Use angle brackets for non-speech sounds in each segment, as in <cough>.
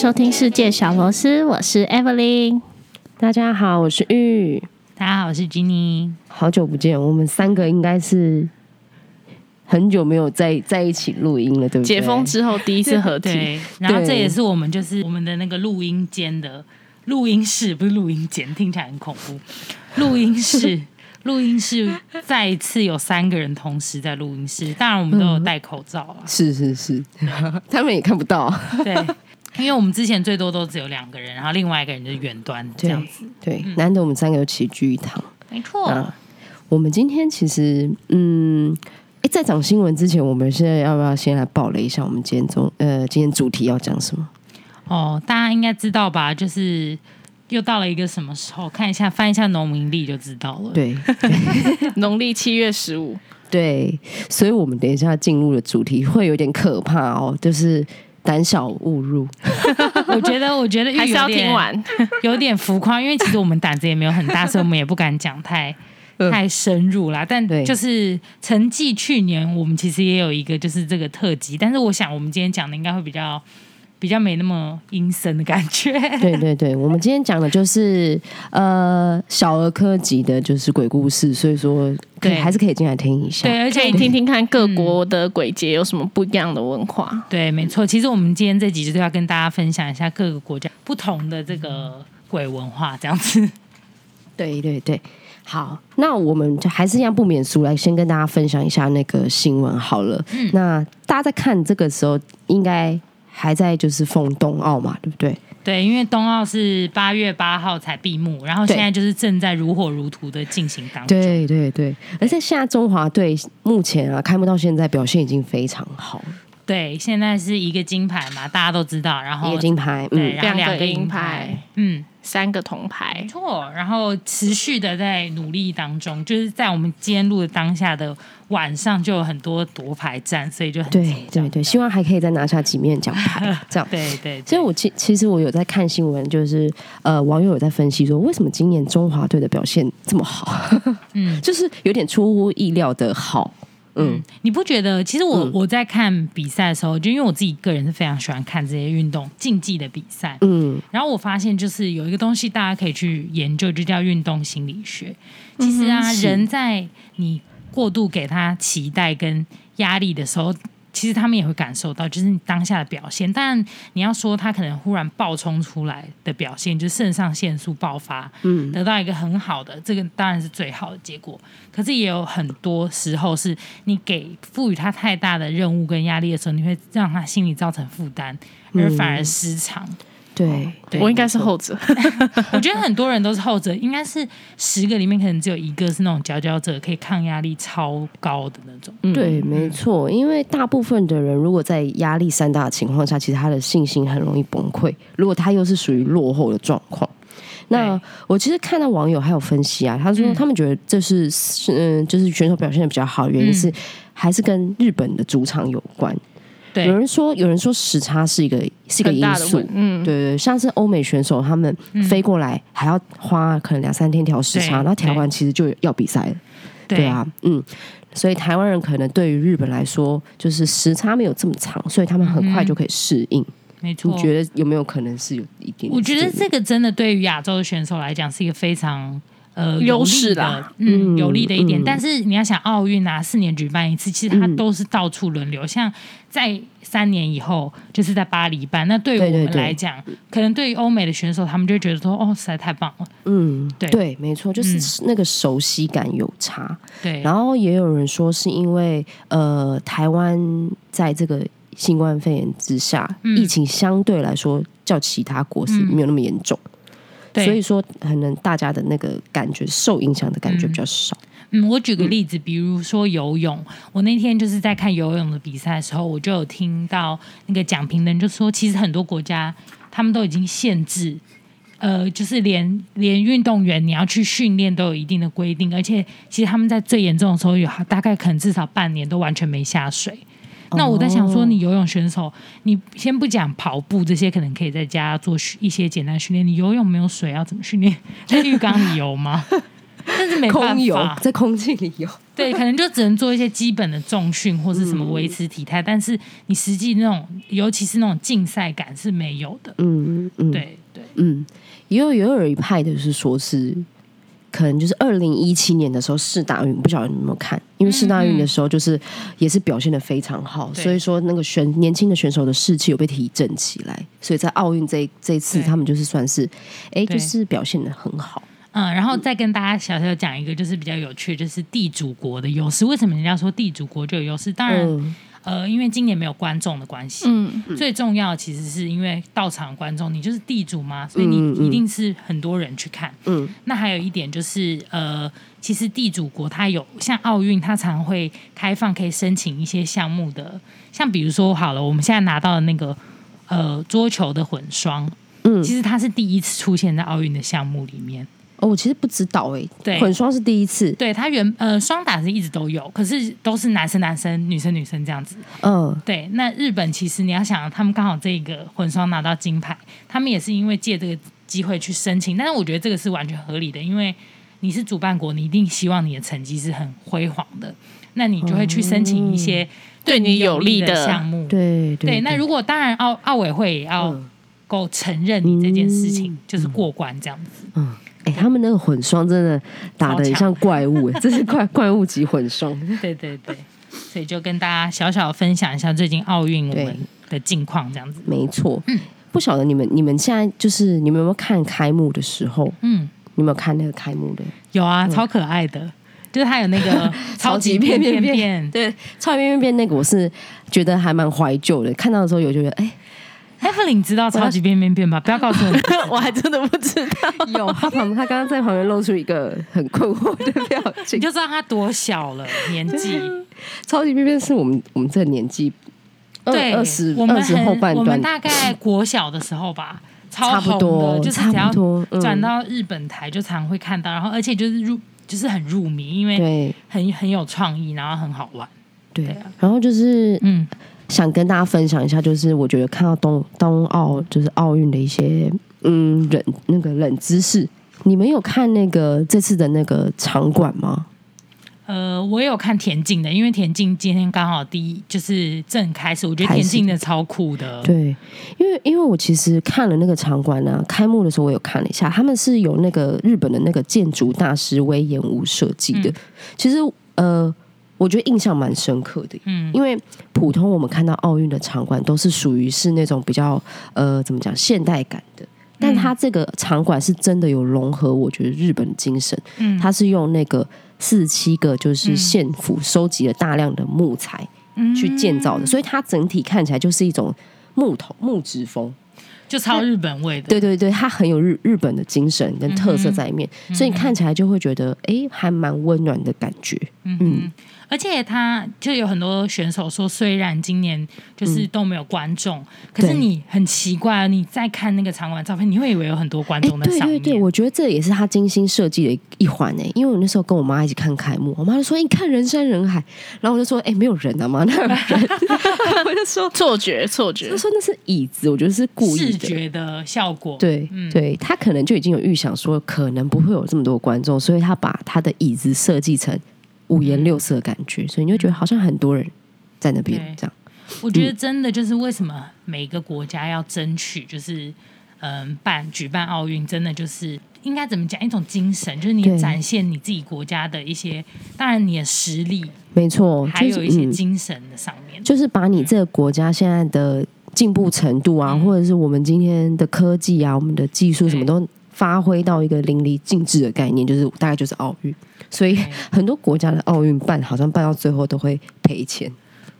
收聽世界小螺絲，我是 Evelyn。大家好，我是玉。大家好，我是 Ginny。好久不見，我們三個應該是很久沒有在在一起錄音了，對不對？解封之後第一次合體，然後這也是我們就是我們的那個錄音間的錄音室，不是錄音間，聽起來很恐怖。 <laughs> 錄音室，錄音室，再一次有三個人同時在錄音室，當然我們都有戴口罩了啊。是是是，他們也看不到。 <laughs> 對。因為我們之前最多都只有兩個人，然後另外一個人就遠端這樣子。對，對、嗯，難得我們三個有齊聚一堂，沒錯，啊。我們今天其實，嗯，哎，在講新聞之前，我們現在要不要先來報了一下我們今天主呃今天主題要講什麼？哦，大家應該知道吧？就是又到了一個什麼時候？看一下翻一下農民曆就知道了。對，對 <laughs> 農曆七月十五。對，所以我們等一下進入的主題會有點可怕哦，就是。膽小勿入，我覺得我覺得還是要聽完，有點浮誇，因為其實我們膽子也沒有很大，所以我們也不敢講太太深入啦。但對，就是曾經，去年我們其實也有一個就是這個特輯，但是我想我們今天講的應該會比較。比較沒那麼陰森的感覺。對對對，我們今天講的就是呃，小兒科級的，就是鬼故事，所以說可以對，還是可以進來聽一下。對，而且你聽聽看各國的鬼節有什麼不一樣的文化。嗯、對，沒錯，其實我們今天這集就要跟大家分享一下各個國家不同的這個鬼文化，這樣子。對對對，好，那我們就還是要不免俗來先跟大家分享一下那個新聞好了。嗯，那大家在看這個時候應該。還在就是奉東奧嘛，對不對？對，因為東奧是八月八號才閉幕，然後現在就是正在如火如荼的進行當中。對對對，而且現在中華隊目前啊，開幕到現在表現已經非常好。對，現在是一個金牌嘛，大家都知道，然後一個金牌，嗯，兩個銀牌，嗯。三個銅牌，沒錯，然後持續的在努力當中，就是在我們今天錄的當下的晚上，就有很多奪牌戰，所以就很對對對，希望還可以再拿下幾面獎牌， <laughs> 這樣對，對對。所以我其其實我有在看新聞，就是呃，網友有在分析說，為什麼今年中華隊的表現這麼好？ <laughs> 嗯，就是有點出乎意料的好。嗯，你不覺得？其實我我在看比賽的時候，嗯，就因為我自己個人是非常喜歡看這些運動競技的比賽。嗯，然後我發現就是有一個東西大家可以去研究，就叫運動心理學。其實啊，嗯，人在你過度給他期待跟壓力的時候。其實他們也會感受到，就是你當下的表現。但你要說他可能忽然爆衝出來的表現，就是腎上腺素爆發，嗯，得到一個很好的這個，當然是最好的結果。可是也有很多時候，是你給賦予他太大的任務跟壓力的時候，你會讓他心理造成負擔，而反而失常。嗯對，對，我應該是後者。 <laughs> 我覺得很多人都是後者， <laughs> 應該是十個裡面可能只有一個是那種佼佼者，可以抗壓力超高的那種。對，嗯、沒錯，因為大部分的人如果在壓力山大的情況下，其實他的信心很容易崩潰。如果他又是屬於落後的狀況，那我其實看到網友還有分析啊，他說他們覺得這是嗯，嗯，就是選手表現得比較好，原因是還是跟日本的主場有關。有人說，有人說時差是一個是一個因素，嗯，對,對對，像是歐美選手他們飛過來還要花可能兩三天調時差，那、嗯、台調完其實就要比賽了，對,對啊對，嗯，所以台灣人可能對於日本來說，就是時差沒有這麼長，所以他們很快就可以適應。嗯、沒錯，你覺得有沒有可能是有一點,點？我覺得這個真的對於亞洲的選手來講是一個非常呃優勢的，嗯，嗯有利的一點、嗯。但是你要想奧運啊，四年舉辦一次，其實它都是到處輪流，像。在三年以後，就是在巴黎辦。那對於我們來講，對對對，可能對於歐美的選手，他們就覺得說：“哦，實在太棒了。嗯”嗯，對，沒錯，就是那個熟悉感有差。對、嗯，然後也有人說是因為呃，台灣在這個新冠肺炎之下，嗯、疫情相對來說較其他國是沒有那麼嚴重，嗯、所以說可能大家的那個感覺受影響的感覺比較少。嗯嗯，我舉個例子，比如說游泳，我那天就是在看游泳的比賽的時候，我就有聽到那個講評的人就說，其實很多國家他們都已經限制，呃，就是連連運動員你要去訓練都有一定的規定，而且其實他們在最嚴重的時候有大概可能至少半年都完全沒下水。那我在想說，你游泳選手，你先不講跑步這些，可能可以在家做一些簡單訓練，你游泳沒有水要怎麼訓練？在浴缸裡游嗎？ <laughs> 但是沒辦法，空在空氣裡有。對，可能就只能做一些基本的重訓或是什麼維持體態、嗯。但是你實際那種，尤其是那種競賽感是沒有的。嗯嗯，對對，嗯，也有有有一派的就是說是，可能就是二零一七年的時候世大運，不曉得你有沒有看？因為世大運的時候就是也是表現的非常好，嗯嗯，所以說那個選年輕的選手的士氣有被提振起來，所以在奧運這這次他們就是算是，哎、欸，就是表現的很好。嗯，然後再跟大家小小講一個，就是比較有趣，就是地主國的優勢。為什麼人家說地主國就有優勢？當然，嗯、呃，因為今年沒有觀眾的關係，嗯嗯、最重要其實是因為到場觀眾，你就是地主嘛，所以你一定是很多人去看嗯。嗯，那還有一點就是，呃，其實地主國它有像奧運，它常會開放可以申請一些項目的，像比如說，好了，我們現在拿到的那個呃桌球的混雙，嗯，其實它是第一次出現在奧運的項目裡面。哦，我其實不知道哎、欸。對，混雙是第一次。對，他原呃雙打是一直都有，可是都是男生男生，女生女生這樣子。嗯，對。那日本其實你要想，他們剛好這個混雙拿到金牌，他們也是因為借這個機會去申請。但是我覺得這個是完全合理的，因為你是主辦國，你一定希望你的成績是很輝煌的，那你就會去申請一些對你有利的項目。嗯、對對，對，對，對。那如果當然，奧奧委會也要夠承認你這件事情，嗯，就是過關這樣子。嗯。嗯他們那個混雙真的打得很像怪物、欸，哎，這 <laughs> 是怪怪物級混雙。 <laughs> 對對對，所以就跟大家小小分享一下最近奧運我們的近況這樣子。沒錯，嗯，不曉得你們你們現在就是你們有沒有看開幕的時候？嗯，你有沒有看那個開幕的？有啊，嗯、超可愛的，就是他有那個超級變變變，對，超級變變變那個我是覺得還蠻懷舊的，看到的時候我就覺得哎。哎，赫林你知道《超級變變變》吧？不要告訴我你， <laughs> 我還真的不知道。有他，他剛剛在旁邊露出一個很困惑的表情。 <laughs> 你就知道他多小了年紀？ <laughs> 《超級變變》是我們我們這個年紀，對，二十我們二十後半段，我們大概國小的時候吧， <laughs> 超差不多。就是只要轉到日本台，就常會看到，然後而且就是入，嗯、就是很入迷，因為很很有創意，然後很好玩。對，對啊，然後就是嗯。想跟大家分享一下，就是我覺得看到東、東奧就是奧運的一些嗯，冷、那個冷知識，你們有看那個這次的那個場館嗎？呃，我有看田徑的，因為田徑今天剛好第一就是正開始，我覺得田徑的超酷的。對，因為因為我其實看了那個場館呢、啊，開幕的時候我有看了一下，他們是有那個日本的那個建築大師隈研吾設計的、嗯。其實呃。我覺得印象蠻深刻的，因為普通我們看到奧運的場館都是屬於是那種比較呃怎麼講現代感的，但它這個場館是真的有融合，我覺得日本的精神，它是用那個四十七個就是縣府收集了大量的木材去建造的，所以它整體看起來就是一種木頭木質風，就超日本味的。對對對，它很有日日本的精神跟特色在裡面，所以你看起來就會覺得欸，還蠻溫暖的感覺。嗯。而且他就有很多選手說，雖然今年就是都沒有觀眾、嗯，可是你很奇怪，你在看那個場館照片，你會以為有很多觀眾在想面、欸。對對對，我覺得這也是他精心設計的一,一環呢、欸。因為我那時候跟我媽一起看開幕，我媽就說：“你、欸、看人山人海。”然後我就說：“哎、欸，沒有人啊媽，”那有人 <laughs> <laughs> 我就說：“錯覺，錯覺。”他說：“那是椅子。”我覺得是故意的，視覺的效果。對，嗯、對他可能就已經有預想，說可能不會有這麼多觀眾，所以他把他的椅子設計成。五顏六色的感覺，所以你就覺得好像很多人在那邊、嗯、這樣。我覺得真的就是為什麼每個國家要爭取，就是嗯辦舉辦奧運，真的就是應該怎麼講一種精神，就是你展現你自己國家的一些，當然你的實力沒錯、就是嗯，還有一些精神的上面，就是把你這個國家現在的進步程度啊、嗯，或者是我們今天的科技啊，我們的技術什麼都發揮到一個淋漓盡致的概念，就是大概就是奧運。所以很多國家的奧運辦好像辦到最後都會賠錢。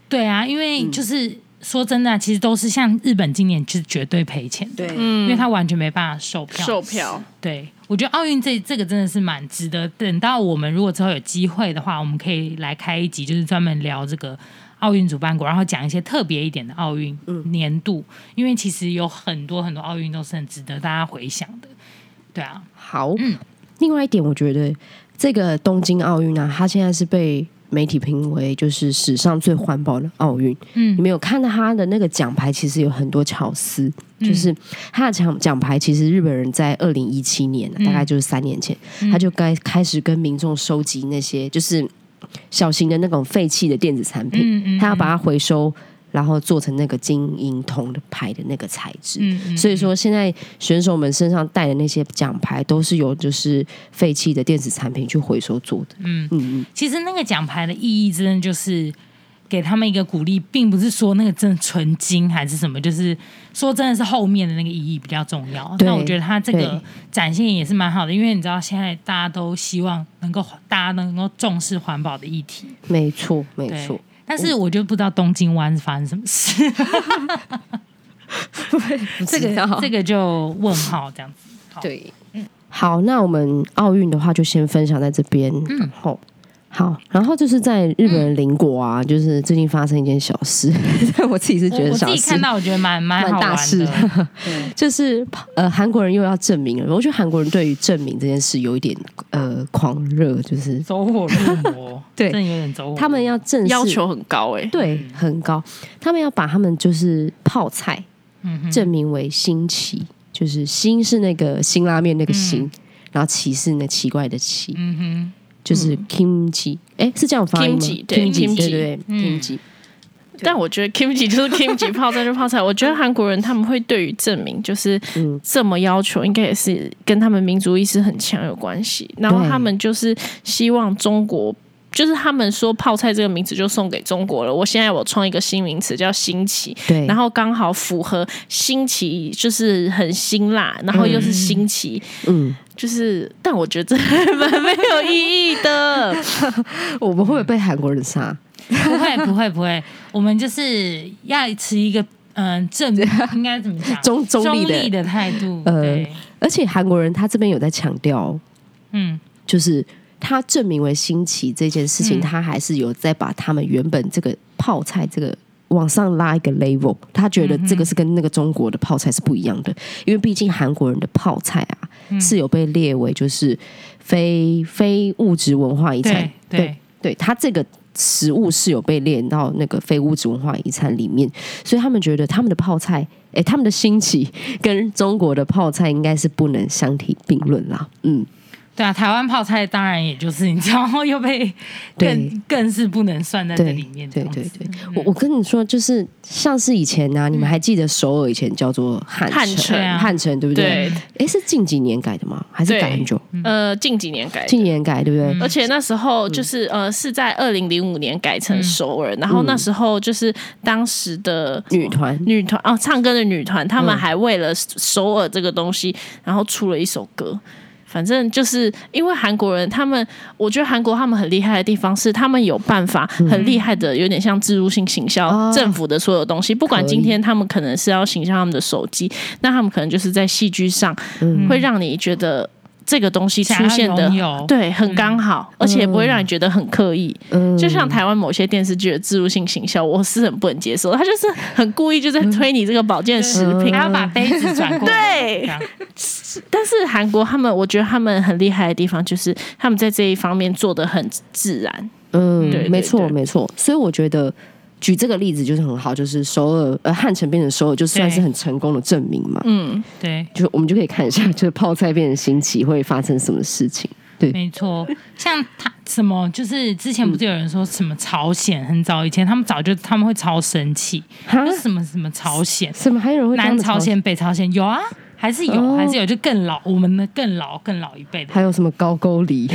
對啊，因為就是、嗯、說真的，其實都是像日本今年就是絕對賠錢。對、嗯，因為他完全沒辦法售票。售票。對，我覺得奧運這這個真的是蠻值得。等到我們如果之後有機會的話，我們可以來開一集，就是專門聊這個奧運主辦國，然後講一些特別一點的奧運年度、嗯。因為其實有很多很多奧運都是很值得大家回想的。對啊，好。嗯。另外一點，我覺得。這個東京奧運啊，它現在是被媒體評為就是史上最環保的奧運。嗯，你們有看到它的那個獎牌？其實有很多巧思，嗯、就是它的獎獎牌，其實日本人在二零一七年、啊，大概就是三年前、嗯，他就開開始跟民眾收集那些就是小型的那種廢棄的電子產品、嗯嗯嗯，他要把它回收。然後做成那個金銀銅的牌的那個材質。嗯，所以說現在選手們身上戴的那些獎牌都是由就是廢棄的電子產品去回收做的。嗯嗯嗯。其實那個獎牌的意義真的就是給他們一個鼓勵，並不是說那個真的純金還是什麼，就是說真的是後面的那個意義比較重要。對，那我覺得他這個展現也是蠻好的，因為你知道現在大家都希望能夠大家能夠重視環保的議題。沒錯，沒錯。但是我就不知道東京灣發生什麼事，哦，這 <laughs> 個 <laughs> 這個就問號這樣子。對，嗯，好，那我們奧運的話就先分享在這邊，然、嗯、後。好，然後就是在日本的鄰國啊、嗯，就是最近發生一件小事，嗯、 <laughs> 我自己是覺得小事，我我自己看到我覺得蠻蠻，蠻大事。 <laughs> 就是呃，韓國人又要正名了。我覺得韓國人對於正名這件事有一點呃狂熱，就是走火入魔。 <laughs> 對， <laughs> 他們要證要求很高、欸，哎，對、嗯，很高。他們要把他們就是泡菜正名為辛奇、嗯，就是辛是那個辛拉麵那個辛，嗯、然後奇是那個奇怪的奇。嗯哼。就是 kimchi，哎、嗯欸，是這樣發音嗎對 kimchi 對 kimchi 但我覺得 kimchi 就是 kimchi 泡菜，是泡菜。 <laughs> 我覺得韓國人他們會對於證明，就是這麼要求，嗯、應該也是跟他們民族意識很強有關係。然後他們就是希望中國，就是他們說泡菜這個名字就送給中國了。我現在我創一個新名詞叫辛奇，對，然後剛好符合辛奇，就是很辛辣，然後又是辛奇，嗯。嗯就是，但我覺得蠻沒有意義的。 <laughs> <laughs> 我們會不會被韓國人殺，嗯？不會，不會，不會。我們就是要持一個嗯、呃，正應該怎麼講 <laughs> 中中立的態度。呃，而且韓國人他這邊有在強調，嗯，就是他正名為辛奇這件事情，他還是有在把他們原本這個泡菜這個。往上拉一個 level，他覺得這個是跟那個中國的泡菜是不一樣的，因為畢竟韓國人的泡菜啊是有被列為就是非非物質文化遺產，對對，對，他這個食物是有被列到那個非物質文化遺產裡面，所以他們覺得他們的泡菜，誒、欸，他們的辛奇跟中國的泡菜應該是不能相提並論啦，嗯。對啊，台灣泡菜當然也就是你知道，然後又被更更是不能算在這裡面。對對對，對，我、嗯、我跟你說，就是像是以前啊，嗯、你們還記得首爾以前叫做漢漢城、啊、漢城對不對？哎、欸，是近幾年改的嗎？還是改很久？呃，近幾年改，近年改對不對、嗯？而且那時候就是呃，是在二零零五年改成首爾、嗯，然後那時候就是當時的、嗯呃、女團女團哦，唱歌的女團，他們還為了首爾這個東西，然後出了一首歌。反正就是因為韓國人，他們我覺得韓國他們很厲害的地方是，他們有辦法很厲害的，有點像置入性行銷，政府的所有東西，不管今天他們可能是要行銷他們的手機，那他們可能就是在戲劇上會讓你覺得。這個東西出現的對很剛好，嗯、而且不會讓你覺得很刻意。嗯，就像台灣某些電視劇的置入性行銷，我是很不能接受。他就是很故意，就在推你這個保健食品，嗯嗯、他要把杯子轉過 <laughs> 對，但是韓國他們，我覺得他們很厲害的地方，就是他們在這一方面做得很自然。嗯，對，對，對，沒錯，沒錯。所以我覺得。舉這個例子就是很好，就是首爾呃漢城變成首爾，就算是很成功的證明嘛。嗯，對，就是我們就可以看一下，就是泡菜變成辛奇會發生什麼事情。對，沒錯，像他什麼就是之前不是有人說什麼朝鮮，很早以前他們早就他們會超生氣，什麼什麼朝鮮，什麼還有人會南朝鮮、北朝鮮，有啊，還是有，還是有，就更老，我們的更老，更老一輩的人還有什麼高句麗。 <laughs>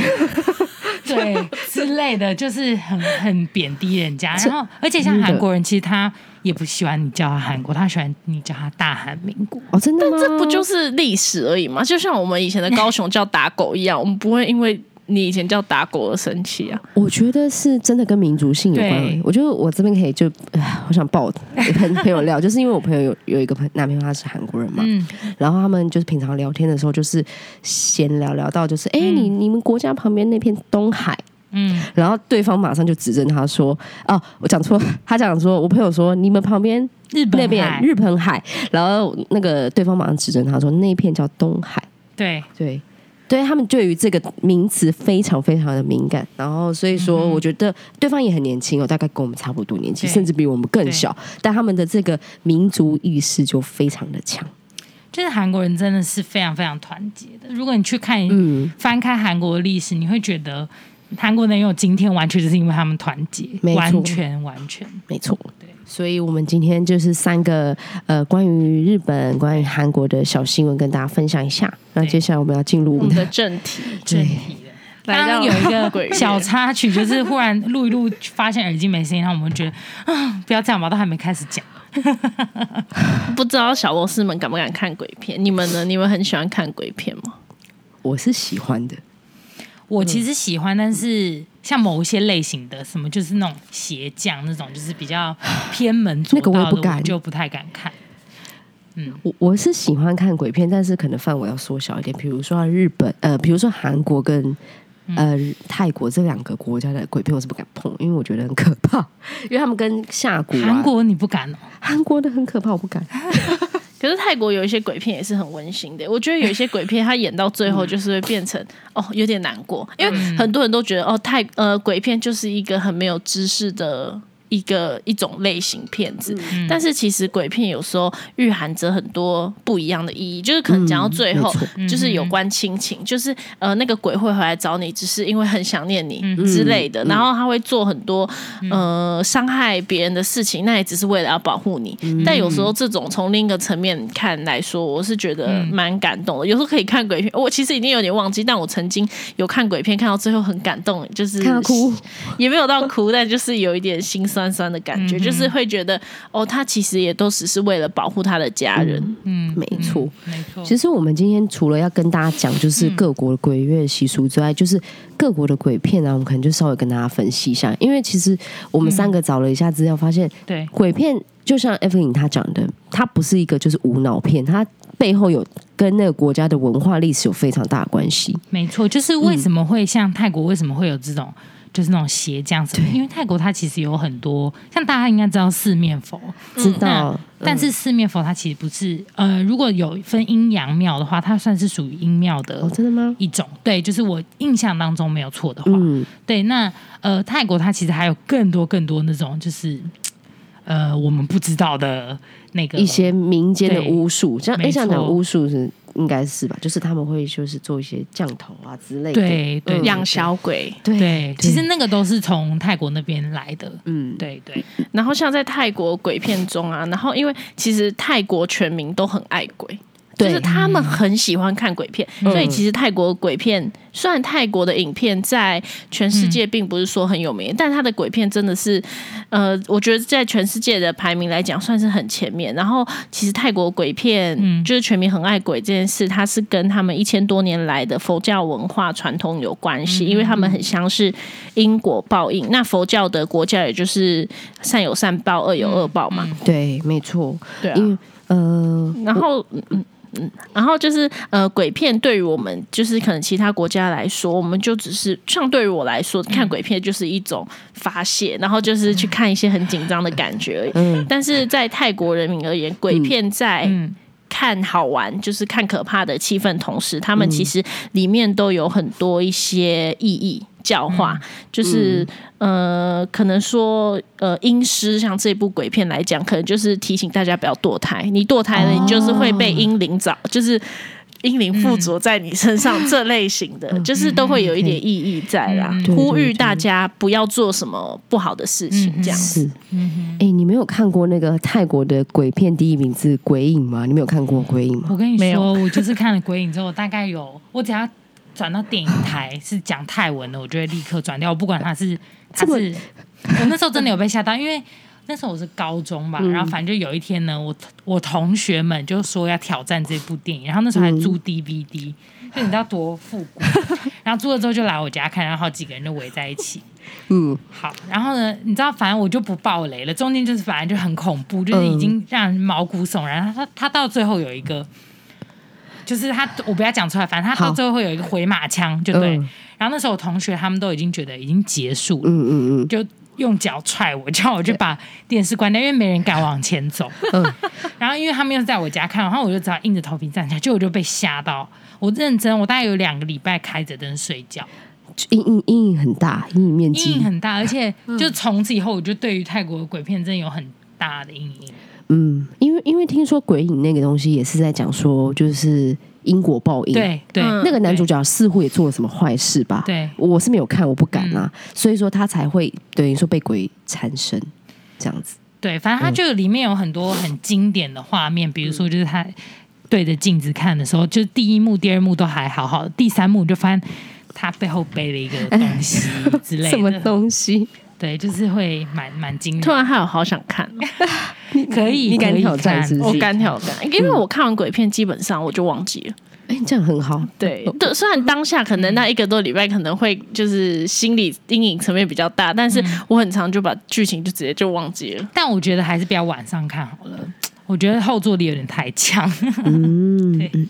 對， <laughs> 之類的就是很很貶低人家，然後而且像韓國人，其實他也不喜歡你叫他韓國，他喜歡你叫他大韓民國。哦，真的嗎？但這不就是歷史而已嘛？就像我們以前的高雄叫打狗一樣，我們不會因為。你以前叫打狗的神氣啊？我覺得是真的跟民族性有關。我覺得我這邊可以就，呃、我想抱很朋友聊， <laughs> 就是因為我朋友有有一個朋男朋友，他是韓國人嘛、嗯，然後他們就是平常聊天的時候，就是閒聊聊到就是，哎、嗯，欸，你你們國家旁邊那片東海，嗯，然後對方馬上就指正他說，哦，我講錯，他講說我朋友說你們旁邊日本那邊日本海，然後那個對方馬上指正他說那片叫東海，對對。對他們對於這個名詞非常非常的敏感，然後所以說，我覺得對方也很年輕哦、嗯，大概跟我們差不多年紀，甚至比我們更小。但他們的這個民族意識就非常的強，就是韓國人真的是非常非常團結的。如果你去看，嗯，翻開韓國的歷史，你會覺得。韓國能有今天，完全就是因為他們團結。沒錯，完全完全沒錯。對，所以我們今天就是三個呃，關於日本、關於韓國的小新聞跟大家分享一下。那接下來我們要進入我們的正題。正題的。剛剛有一個小插曲，就是忽然錄一錄，發現耳機沒聲音， <laughs> 然後我們覺得啊，不要這樣吧，都還沒開始講。 <laughs> 不知道小螺絲們敢不敢看鬼片？你們呢？你們很喜歡看鬼片嗎？我是喜歡的。我其實喜歡，但是像某一些類型的，什麼就是那種邪教那種，就是比較偏門左道的、左、那個、我也不敢，就不太敢看。嗯，我我是喜歡看鬼片，但是可能範圍要縮小一點。比如說日本，呃，比如說韓國跟呃泰國這兩個國家的鬼片，我是不敢碰，因為我覺得很可怕，因為他們跟下蠱、啊。韓國你不敢、哦？韓國的很可怕，我不敢。 <laughs> 其實泰國有一些鬼片也是很溫馨的。我覺得有一些鬼片，他演到最後就是會變成、嗯、哦有點難過，因為很多人都覺得哦泰呃鬼片就是一個很沒有知識的。一個一種類型片子、嗯，但是其實鬼片有時候蘊含着很多不一樣的意義，就是可能講到最後、嗯，就是有關親情、嗯，就是呃那個鬼會回來找你，只是因為很想念你、嗯、之類的、嗯，然後他會做很多、嗯呃、傷害別人的事情，那也只是為了要保護你、嗯。但有時候這種從另一個層面看來說，我是覺得蠻感動的、嗯。有時候可以看鬼片，我其實已經有點忘記，但我曾經有看鬼片，看到最後很感動，就是看哭也沒有到哭，但就是有一點心酸酸的感覺，嗯、就是會覺得哦，他其實也都只是，是為了保護他的家人。嗯，沒錯，沒錯。其實我們今天除了要跟大家講就是各國的鬼月習俗之外、嗯，就是各國的鬼片啊，我們可能就稍微跟大家分析一下。因為其實我們三個找了一下資料，發現、嗯、對鬼片，就像 Evelyn 他講的，他不是一個就是無腦片，它背後有跟那個國家的文化歷史有非常大的關係。沒、嗯、錯，就是為什麼會像泰國，為什麼會有這種？就是那種邪教什麼，因為泰國它其實有很多，像大家應該知道四面佛，知道、嗯嗯。但是四面佛它其實不是，嗯、呃，如果有分陰陽廟的話，它算是屬於陰廟的、哦，真的嗎？一種，對，就是我印象當中沒有錯的話，嗯，對。那呃，泰國它其實還有更多更多那種，就是呃，我們不知道的那個一些民間的巫術，像哎，像巫術是。應該是吧，就是他們會就是做一些降頭啊之類的，對對，養、嗯、小鬼對對，對，其實那個都是從泰國那邊來的，嗯，對對。然後像在泰國鬼片中啊， <laughs> 然後因為其實泰國全民都很愛鬼。對就是他們很喜歡看鬼片，嗯、所以其實泰國的鬼片雖然泰國的影片在全世界並不是說很有名，嗯、但他的鬼片真的是，呃，我覺得在全世界的排名來講算是很前面。然後其實泰國鬼片、嗯、就是全民很愛鬼這件事，它是跟他們一千多年來的佛教文化傳統有關係，嗯，因為他們很相信因果報應，嗯。那佛教的國教也就是善有善報，惡有惡報嘛。對，沒錯。對啊，嗯。呃，然後嗯。然後就是呃，鬼片對於我們，就是可能其他國家來說，我們就只是像對於我來說，看鬼片就是一種發洩，然後就是去看一些很緊張的感覺而已。但是在泰國人民而言，鬼片在看好玩，就是看可怕的氣氛，同時他們其實裡面都有很多一些意義。教化，就是、嗯、呃，可能說呃，陰師像這部鬼片來講，可能就是提醒大家不要墮胎。你墮胎了，哦，你就是會被嬰靈找，就是嬰靈附着在你身上。這類型的、嗯、就是都會有一點意義在啦，嗯 okay、呼籲大家不要做什麼不好的事情。這樣子，對對對、嗯、是，哎、嗯欸，你沒有看過那個泰國的鬼片《第一名字鬼影》嗎？你沒有看過《鬼影》嗎？我跟你說， <laughs> 我就是看了《鬼影》之後，大概有我只要。轉到電影台是講泰文的，我就會立刻轉掉。我不管他是他是，我那時候真的有被嚇到，因為那時候我是高中吧，嗯，然後反正就有一天呢，我我同學們就說要挑戰這部電影，然後那時候還租 DVD，嗯，就你知道多復古。然後租了之後就來我家看，然後好幾個人就圍在一起，嗯，好。然後呢，你知道，反正我就不爆雷了。中間就是反正就很恐怖，就是已經讓人毛骨悚然。他他到最後有一個。就是他，我不要講出來。反正他到最後會有一個回馬槍，就對、嗯。然後那時候我同學他們都已經覺得已經結束了，嗯嗯嗯，就用腳踹我，叫我就把電視關掉，因為沒人敢往前走。嗯、然後因為他們又在我家看，然後我就只好硬着頭皮站起來，就我就被嚇到。我認真，我大概有兩個禮拜開着燈睡覺，陰影陰影很大，陰影面積陰影很大，而且就從此以後、嗯，我就對於泰國的鬼片真的有很大的陰影。嗯，因為因為聽說鬼影那個東西也是在講說，就是因果報應。對對、嗯，那個男主角似乎也做了什麼壞事吧？對，我是沒有看，我不敢啊，嗯、所以說他才會等於說被鬼纏身這樣子。對，反正他就裡面有很多很經典的畫面，嗯、比如說就是他對着鏡子看的時候，嗯、就第一幕、第二幕都還好好的，第三幕就發現他背後背了一個東西之類的， <laughs> 什麼東西？對，就是會蠻蠻驚。突然，還有好想看， <laughs> 你可以，可以，你敢挑戰？我敢挑戰，因為我看完鬼片，基本上我就忘記了。哎、嗯欸，這樣很好對、哦。對，雖然當下可能那一個多禮拜可能會就是心理陰影層面比較大，但是我很常就把劇情就直接就忘記了。嗯、但我覺得還是不要晚上看好了。我覺得後坐力有點太強，嗯。嗯， <laughs> 對，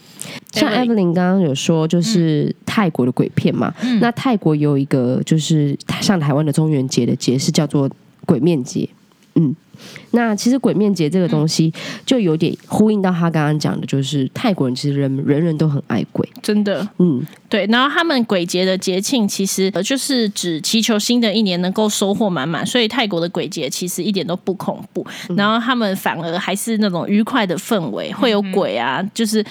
像艾芙琳剛剛有說，就是泰國的鬼片嘛，嗯，那泰國有一個就是像台灣的中元節的節是叫做鬼面節，嗯。那其實鬼面節這個東西，就有點呼應到他剛剛講的，就是泰國人其實人人人都很愛鬼，真的，嗯，對。然後他們鬼節的節慶，其實就是指祈求新的一年能夠收穫滿滿，所以泰國的鬼節其實一點都不恐怖，嗯，然後他們反而還是那種愉快的氛圍，會有鬼啊，就是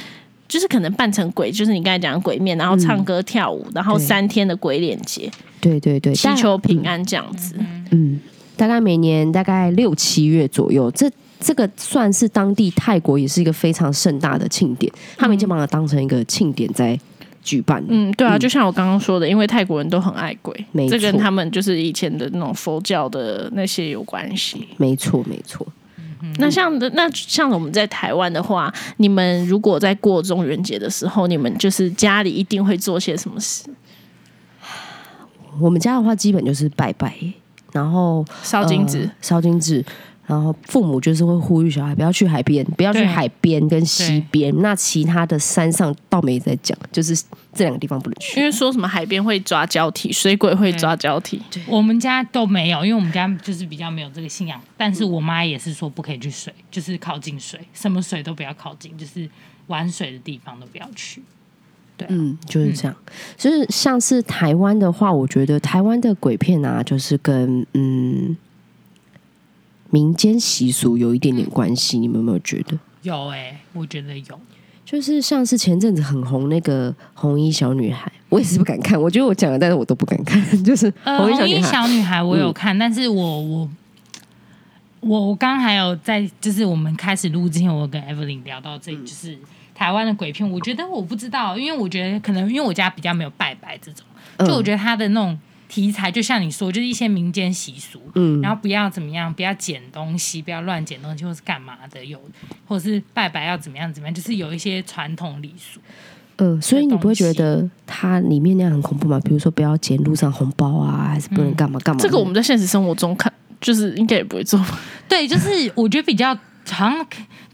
就是可能扮成鬼，就是你剛才講的鬼面，然後唱歌、嗯、跳舞，然後三天的鬼臉節，對對，對對，祈求平安這樣子，嗯。嗯大概每年大概六七月左右，這這個算是當地泰國也是一個非常盛大的慶典、嗯，他們已經把它當成一個慶典在舉辦。嗯，對啊，嗯、就像我剛剛說的，因為泰國人都很愛鬼，這跟他們就是以前的那種佛教的那些有關係。沒錯，沒錯、嗯。那像那像我們在台灣的話，你們如果在過中元節的時候，你們就是家裡一定會做些什麼事？我們家的話，基本就是拜拜、欸。然後燒、呃、金紙，燒金紙。然後父母就是會呼籲小孩不要去海邊，不要去海邊跟溪邊。那其他的山上倒沒在講，就是這兩個地方不能去。因為說什麼海邊會抓交替，水鬼會抓交替。對對，我們家都沒有，因為我們家就是比較沒有這個信仰。但是我媽也是說不可以去水，就是靠近水，什麼水都不要靠近，就是玩水的地方都不要去。對啊、嗯，就是這樣。嗯、就是像是台灣的話，我覺得台灣的鬼片啊，就是跟嗯民間習俗有一點點關係、嗯。你們有沒有覺得？有哎、欸，我覺得有。就是像是前陣子很紅那個紅衣小女孩、嗯，我也是不敢看。我覺得我講了，但是我都不敢看。就是、呃、紅衣小女孩、小女孩、嗯，我有看，但是我我我我剛剛還有在，就是我們開始錄之前，我跟 Evelyn 聊到這、嗯、就是。台灣的鬼片，我覺得我不知道，因為我覺得可能因為我家比較沒有拜拜這種，嗯、就我覺得他的那種題材，就像你說，就是一些民間習俗，嗯，然後不要怎麼樣，不要撿東西，不要亂撿東西，或是幹嘛的，有或者是拜拜要怎麼樣怎麼樣，就是有一些傳統禮俗，呃、嗯，所以你不會覺得它裡面那樣很恐怖嗎？比如說不要撿路上紅包啊，還是不能幹嘛幹嘛幹嘛？這個我們在現實生活中看，就是應該也不會做， <laughs> 對，就是我覺得比較。好像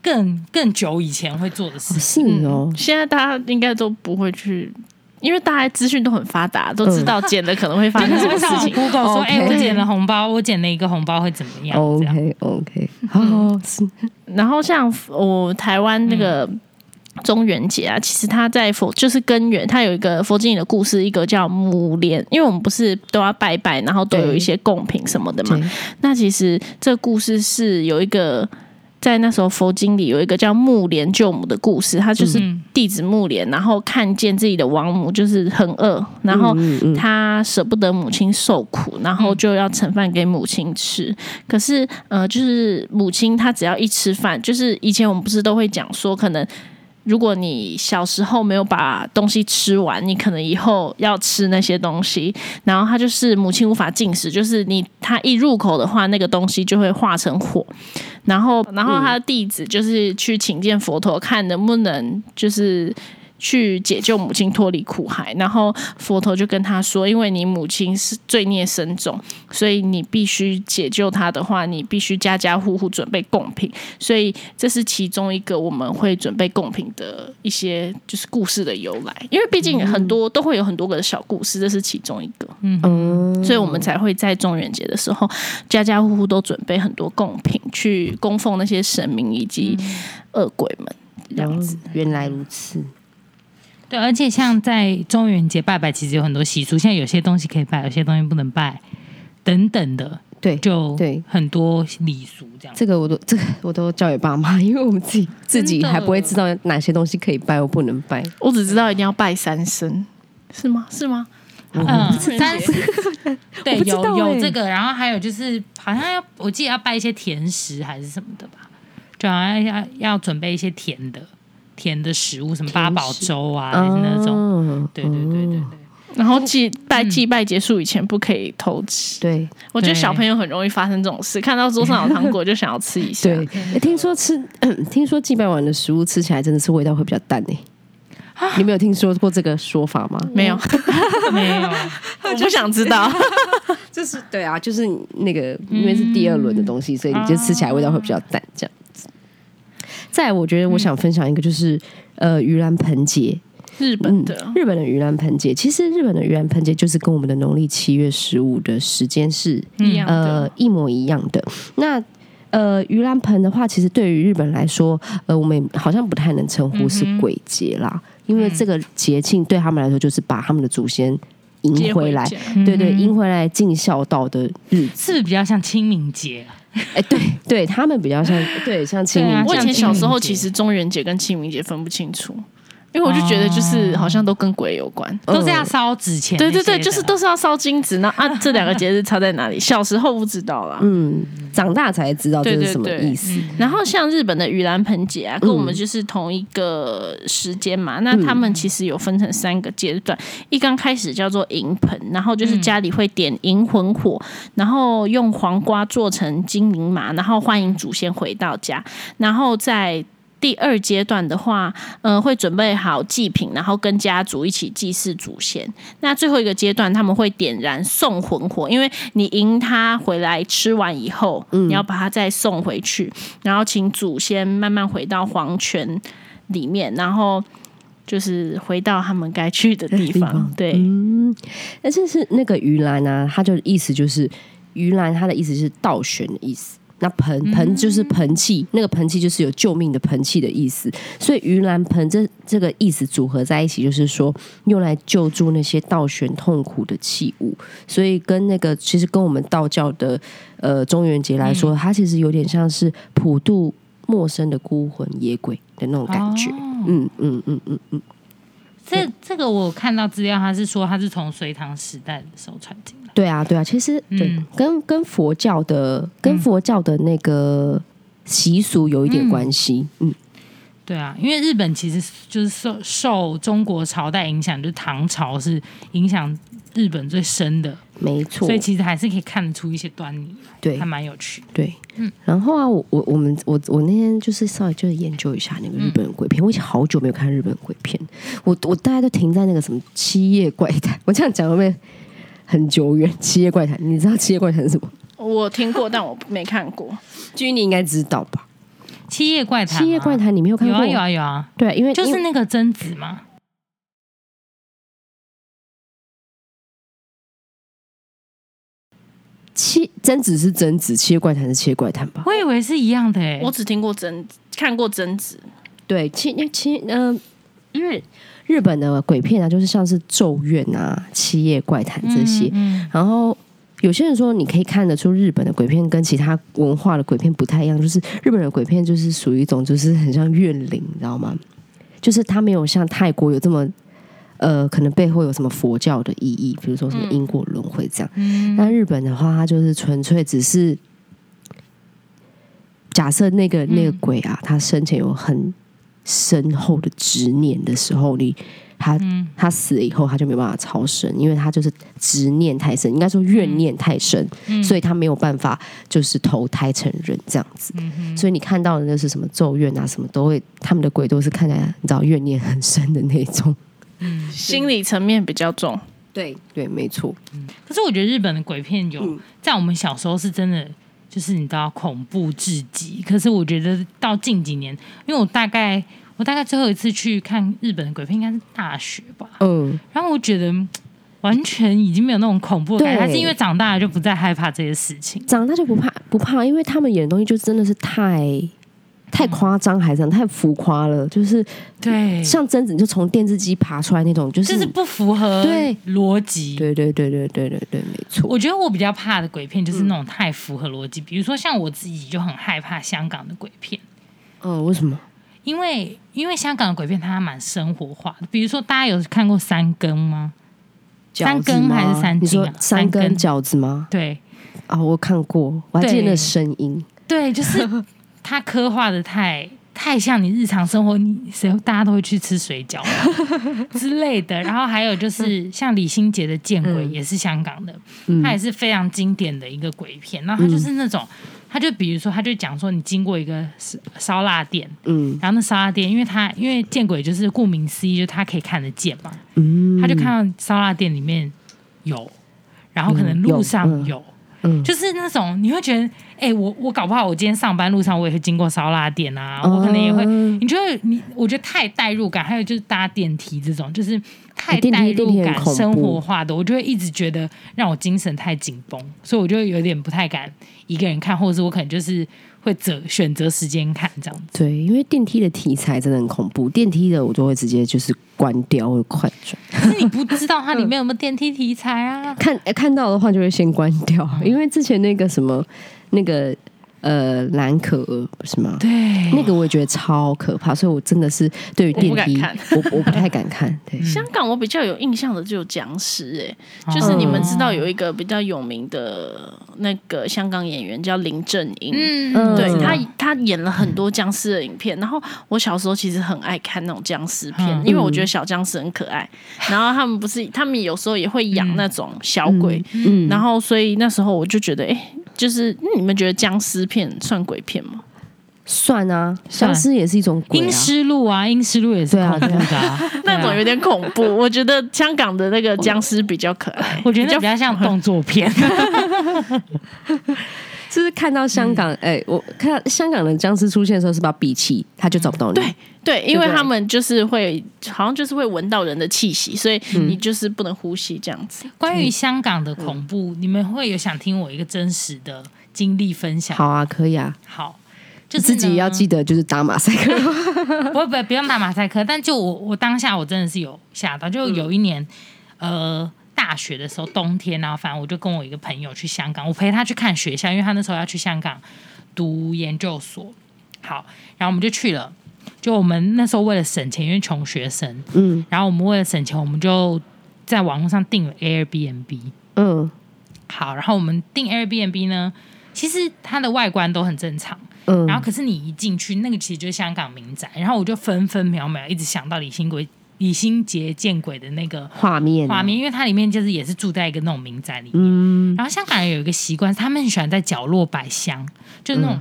更更久以前會做的事情哦，哦、嗯，現在大家應該都不會去，因為大家資訊都很發達，都知道撿的可能會發生什麼的事情。Google、嗯、 <laughs> 說：“哎、okay. 欸，我撿了紅包，我撿了一個紅包會怎麼樣，okay. 這樣？”OK OK， <laughs> 然，後然後像我台灣那個中元節啊、嗯，其實它在佛就是根源，它有一個佛經裡的故事，一個叫木蓮，因為我們不是都要拜拜，然後都有一些供品什麼的嘛。那其實這故事是有一個。在那時候，佛經裡有一個叫目連救母的故事，他就是弟子目連，然後看見自己的亡母就是很餓，然後他捨不得母親受苦，然後就要盛飯給母親吃。可是，呃，就是母親她只要一吃飯，就是以前我們不是都會講說，可能。如果你小時候沒有把東西吃完，你可能以後要吃那些東西。然後他就是母親無法進食，就是你他一入口的話，那個東西就會化成火。然後，然後他的弟子就是去請見佛陀，看能不能就是。去解救母親脫離苦海，然後佛陀就跟他說：“因為你母親是罪孽深重，所以你必須解救她的話，你必須家家戶戶準備貢品。”所以這是其中一個我們會準備貢品的一些就是故事的由來，因為畢竟很多都會有很多個小故事，這是其中一個。嗯，所以我們才會在中元節的時候，家家戶戶都準備很多貢品去供奉那些神明以及惡鬼們。嗯、這樣子，原來如此。對，而且像在中元節拜拜，其實有很多習俗。現在有些東西可以拜，有些東西不能拜，等等的。對，就對很多禮俗這樣。這個我都，這個我都教給爸媽，因為我們自己自己還不會知道哪些東西可以拜，我不能拜。我只知道一定要拜三牲。是嗎？是嗎？嗯，三、嗯嗯、 <laughs> 對， <laughs> 欸、有有這個，然後還有就是好像要我記得要拜一些甜食還是什麼的吧，就好像要要，要準備一些甜的。甜的食物，什麼八寶粥啊，那種、嗯，對對對對對。然後祭拜祭拜結束以前，不可以偷吃。對，我覺得小朋友很容易發生這種事，看到桌上有糖果就想要吃一下。對，對，對，對，聽說吃，聽說祭拜完的食物吃起來真的是味道會比較淡呢、欸啊。你沒有聽說過這個說法嗎？沒有， <laughs> 沒有、啊，我不想知道。就是、 <laughs> 就是、對啊，就是那個，因為是第二輪的東西，所以你就吃起來味道會比較淡，這樣。再，我覺得我想分享一個，就是、嗯、呃，盂蘭盆節，日本的、嗯、日本的盂蘭盆節，其實日本的盂蘭盆節就是跟我們的農曆七月十五的時間是一樣的，呃，一模一樣的。那呃，盂蘭盆的話，其實對於日本來說，呃，我們好像不太能稱呼是鬼節啦、嗯，因為這個節慶對他們來說就是把他們的祖先迎回來，回嗯、對對，迎回來盡孝道的日子，是不是比較像清明節？哎、 <laughs> 欸，對，對，對他們比較像，對，像清明。我、啊、以前小時候其實中元節跟清明節分不清楚。因為我就覺得，就是好像都跟鬼有關，哦、都這樣燒紙錢。對對對，就是都是要燒金紙。那 <laughs> 啊，這兩個節日差在哪裡？小時候不知道啦，嗯，長大才知道這是什麼意思。對對對，然後像日本的盂蘭盆節啊、嗯，跟我們就是同一個時間嘛、嗯。那他們其實有分成三個階段，嗯、一剛開始叫做迎盆，然後就是家裡會點銀魂火，然後用黃瓜做成金銀馬，然後歡迎祖先回到家，然後再。第二階段的話，嗯、呃，會準備好祭品，然後跟家族一起祭祀祖先。那最後一個階段，他們會點燃送魂火，因為你迎他回來吃完以後，嗯、你要把他再送回去，然後請祖先慢慢回到黃泉裡面，然後就是回到他們該去的地方。這個、地方對，嗯。但是是那個盂蘭呢、啊？他就意思就是盂蘭，他的意思就是倒懸的意思。那盆盆，就是盆器，嗯嗯，那個盆器，就是有救命的盆器的意思，所以盂蘭盆這這個意思組合在一起，就是說用來救助那些倒懸痛苦的器物，所以跟那個其實跟我們道教的呃中元節來說，它其實有點像是普渡陌生的孤魂野鬼的那種感覺。哦、嗯嗯嗯嗯嗯。這這個我看到資料，他是說他是從隋唐時代的時候傳進。對啊，對啊，其實對，嗯、跟跟佛教的跟佛教的那個習俗有一點關係，嗯，嗯對啊，因為日本其實就是受受中國朝代影響，就是、唐朝是影響日本最深的，沒錯，所以其實還是可以看出一些端倪，對，還蠻有趣，對，嗯，然後啊，我我我們我我那天就是稍微就是研究一下那個日本鬼片，嗯、我已經好久沒有看日本鬼片，我我大概都停在那個什麼七夜怪談，我這樣講有沒有？很久遠，《七夜怪談》，你知道《七夜怪談》是什麼？我聽過，但我沒看過。君，你應該知道吧？怪談《七夜怪談》，《七夜怪談》你沒有看過？有啊，有啊，有啊。對，因為就是那個貞子嘛。七貞子是貞子，《七夜怪談》是《七夜怪談》吧？我以為是一樣的、欸、我只聽過貞子，看過貞子。對，七《七》《因，七》嗯，因為。日本的鬼片啊，就是像是《咒怨》啊，《七夜怪談》這些。嗯嗯、然後有些人說，你可以看得出日本的鬼片跟其他文化的鬼片不太一樣，就是日本的鬼片就是屬於一種，就是很像怨靈，你知道嗎？就是他沒有像泰國有這麼呃，可能背後有什麼佛教的意義，比如說什麼因果輪迴這樣、嗯。但日本的話，它就是純粹只是假設那個那個鬼啊，他生前有很。深厚的執念的時候，你他、嗯、他死了以後，他就沒辦法超生，因為他就是執念太深，應該說怨念太深、嗯，所以他沒有辦法就是投胎成人這樣子。嗯、所以你看到的那是什麼《咒怨》啊，什麼都會，他們的鬼都是看起來你知道怨念很深的那種，嗯，心理層面比較重，對對，沒錯、嗯。可是我覺得日本的鬼片有、嗯、在我們小時候是真的。就是你知道恐怖至極，可是我覺得到近幾年，因為我大概我大概最後一次去看日本的鬼片應該是大學吧，嗯，然後我覺得完全已經沒有那種恐怖的感覺，還是因為長大了就不再害怕這些事情，長大就不怕不怕，因為他們演的東西就真的是太。太誇張還是這樣，太浮誇了，就是對，像貞子你就從電視機爬出來那種，就是這、就是不符合對邏輯，對對對對對對對，沒錯。我覺得我比較怕的鬼片就是那種太符合邏輯、嗯，比如說像我自己就很害怕香港的鬼片。嗯，為什麼？因為因為香港的鬼片它還蠻生活化，的。比如說大家有看過三更嗎，嗎？三更還是三斤、啊、三更餃子嗎？對，啊，我看過，我還記得那聲音。對，就是。 <laughs> 他刻畫的太太像你日常生活，你誰，大家都會去吃水餃 <laughs> 之類的。然後還有就是、嗯、像李心潔的《見鬼》，也是香港的、嗯，他也是非常經典的一個鬼片。然後他就是那種，嗯、他就比如說，他就講說，你經過一個燒臘店，嗯，然後那燒臘店，因為他因為《見鬼》就是顧名思義，就是、他可以看得見嘛，嗯，他就看到燒臘店裡面有，然後可能路上有。嗯有嗯嗯、就是那種你會覺得，哎、欸，我我搞不好我今天上班路上我也會經過燒臘店啊，嗯、我可能也會，你就會你我覺得太代入感，還有就是搭電梯這種，就是太代入感，欸，生活化的，我就會一直覺得讓我精神太緊繃，所以我就有點不太敢一個人看，或者是我可能就是。會擇選擇時間看這樣子，對，因為電梯的題材真的很恐怖，電梯的我就會直接就是關掉或者快轉。那你不知道它裡面有沒有電梯題材啊？ <laughs> 看、欸、看到的話就會先關掉，因為之前那個什麼那個。呃，藍可兒不是嗎？對，那個我也覺得超可怕，所以我真的是對於電梯，我不敢看 <laughs> 我，我不太敢看。對，香港我比較有印象的就殭屍、欸，哎、嗯，就是你們知道有一個比較有名的那個香港演員叫林正英，嗯，對，嗯，他他演了很多殭屍的影片。然後我小時候其實很愛看那種殭屍片、嗯，因為我覺得小殭屍很可愛。然後他們不是 <laughs> 他們有時候也會養那種小鬼，嗯嗯，嗯，然後所以那時候我就覺得、欸，哎。就是你們覺得殭屍片算鬼片嗎？算啊，殭屍也是一種鬼啊。陰屍路啊，陰屍路也是恐怖的，那種有點恐怖。 <laughs> 我覺得香港的那個殭屍比較可愛，我，我覺得比較像動作片。 <laughs> <laughs> 就是看到香港，哎、欸，我看到香港的殭屍出現的時候是把，是不要閉氣，他就找不到你。嗯、對對，因為他們就是會，好像就是會聞到人的氣息，所以你就是不能呼吸這樣子。關於香港的恐怖、嗯，你們會有想聽我一個真實的經歷分享嗎？好啊，可以啊。好，就是、自己要記得，就是打馬賽克。 <laughs> 不不，不，不要打馬賽克。但就我我當下，我真的是有嚇到。就有一年，嗯、呃。大學的時候，冬天，然後反正我就跟我一個朋友去香港，我陪他去看學校，因為他那時候要去香港讀研究所。好，然後我們就去了，就我們那時候為了省錢，因為窮學生，嗯，然後我們為了省錢，我們就在網絡上訂了 Airbnb。嗯，好，然後我們訂 Airbnb 呢，其實它的外觀都很正常，嗯，然後可是你一進去，那個其實就是香港名宅，然後我就分分秒秒一直想到李新魁，李心潔見鬼的那個畫面，畫面，因為它裡面就是也是住在一個那種民宅裡面。嗯、然後香港人有一個習慣，他們很喜歡在角落擺香，就那種。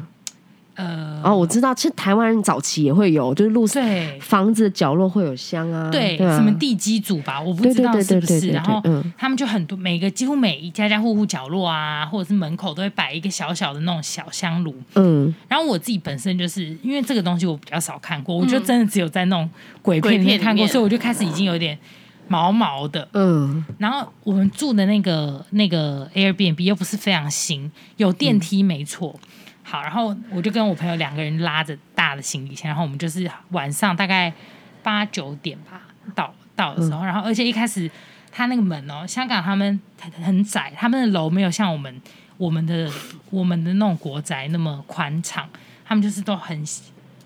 呃，哦，我知道，其實台灣人早期也會有，就是路上房子的角落會有香啊，對，什麼、啊、地基組吧，我不知道是不是。對對對對對對對，然後他們就很多，嗯、每個幾乎每一家家戶戶角落啊，或者是門口都會擺一個小小的那種小香爐。嗯，然後我自己本身就是因為這個東西我比較少看過，嗯、我就真的只有在那種鬼片看過鬼片，所以我就開始已經有點毛毛的。嗯，然後我們住的那個那個 Airbnb 又不是非常新，有電梯沒錯。嗯好，然後我就跟我朋友兩個人拉着大的行李箱，然後我們就是晚上大概八九點吧，到到的時候，嗯，然後而且一開始他那個門哦，香港他們很窄，他們的樓沒有像我們我們的我們的那種國宅那麼寬敞，他們就是都很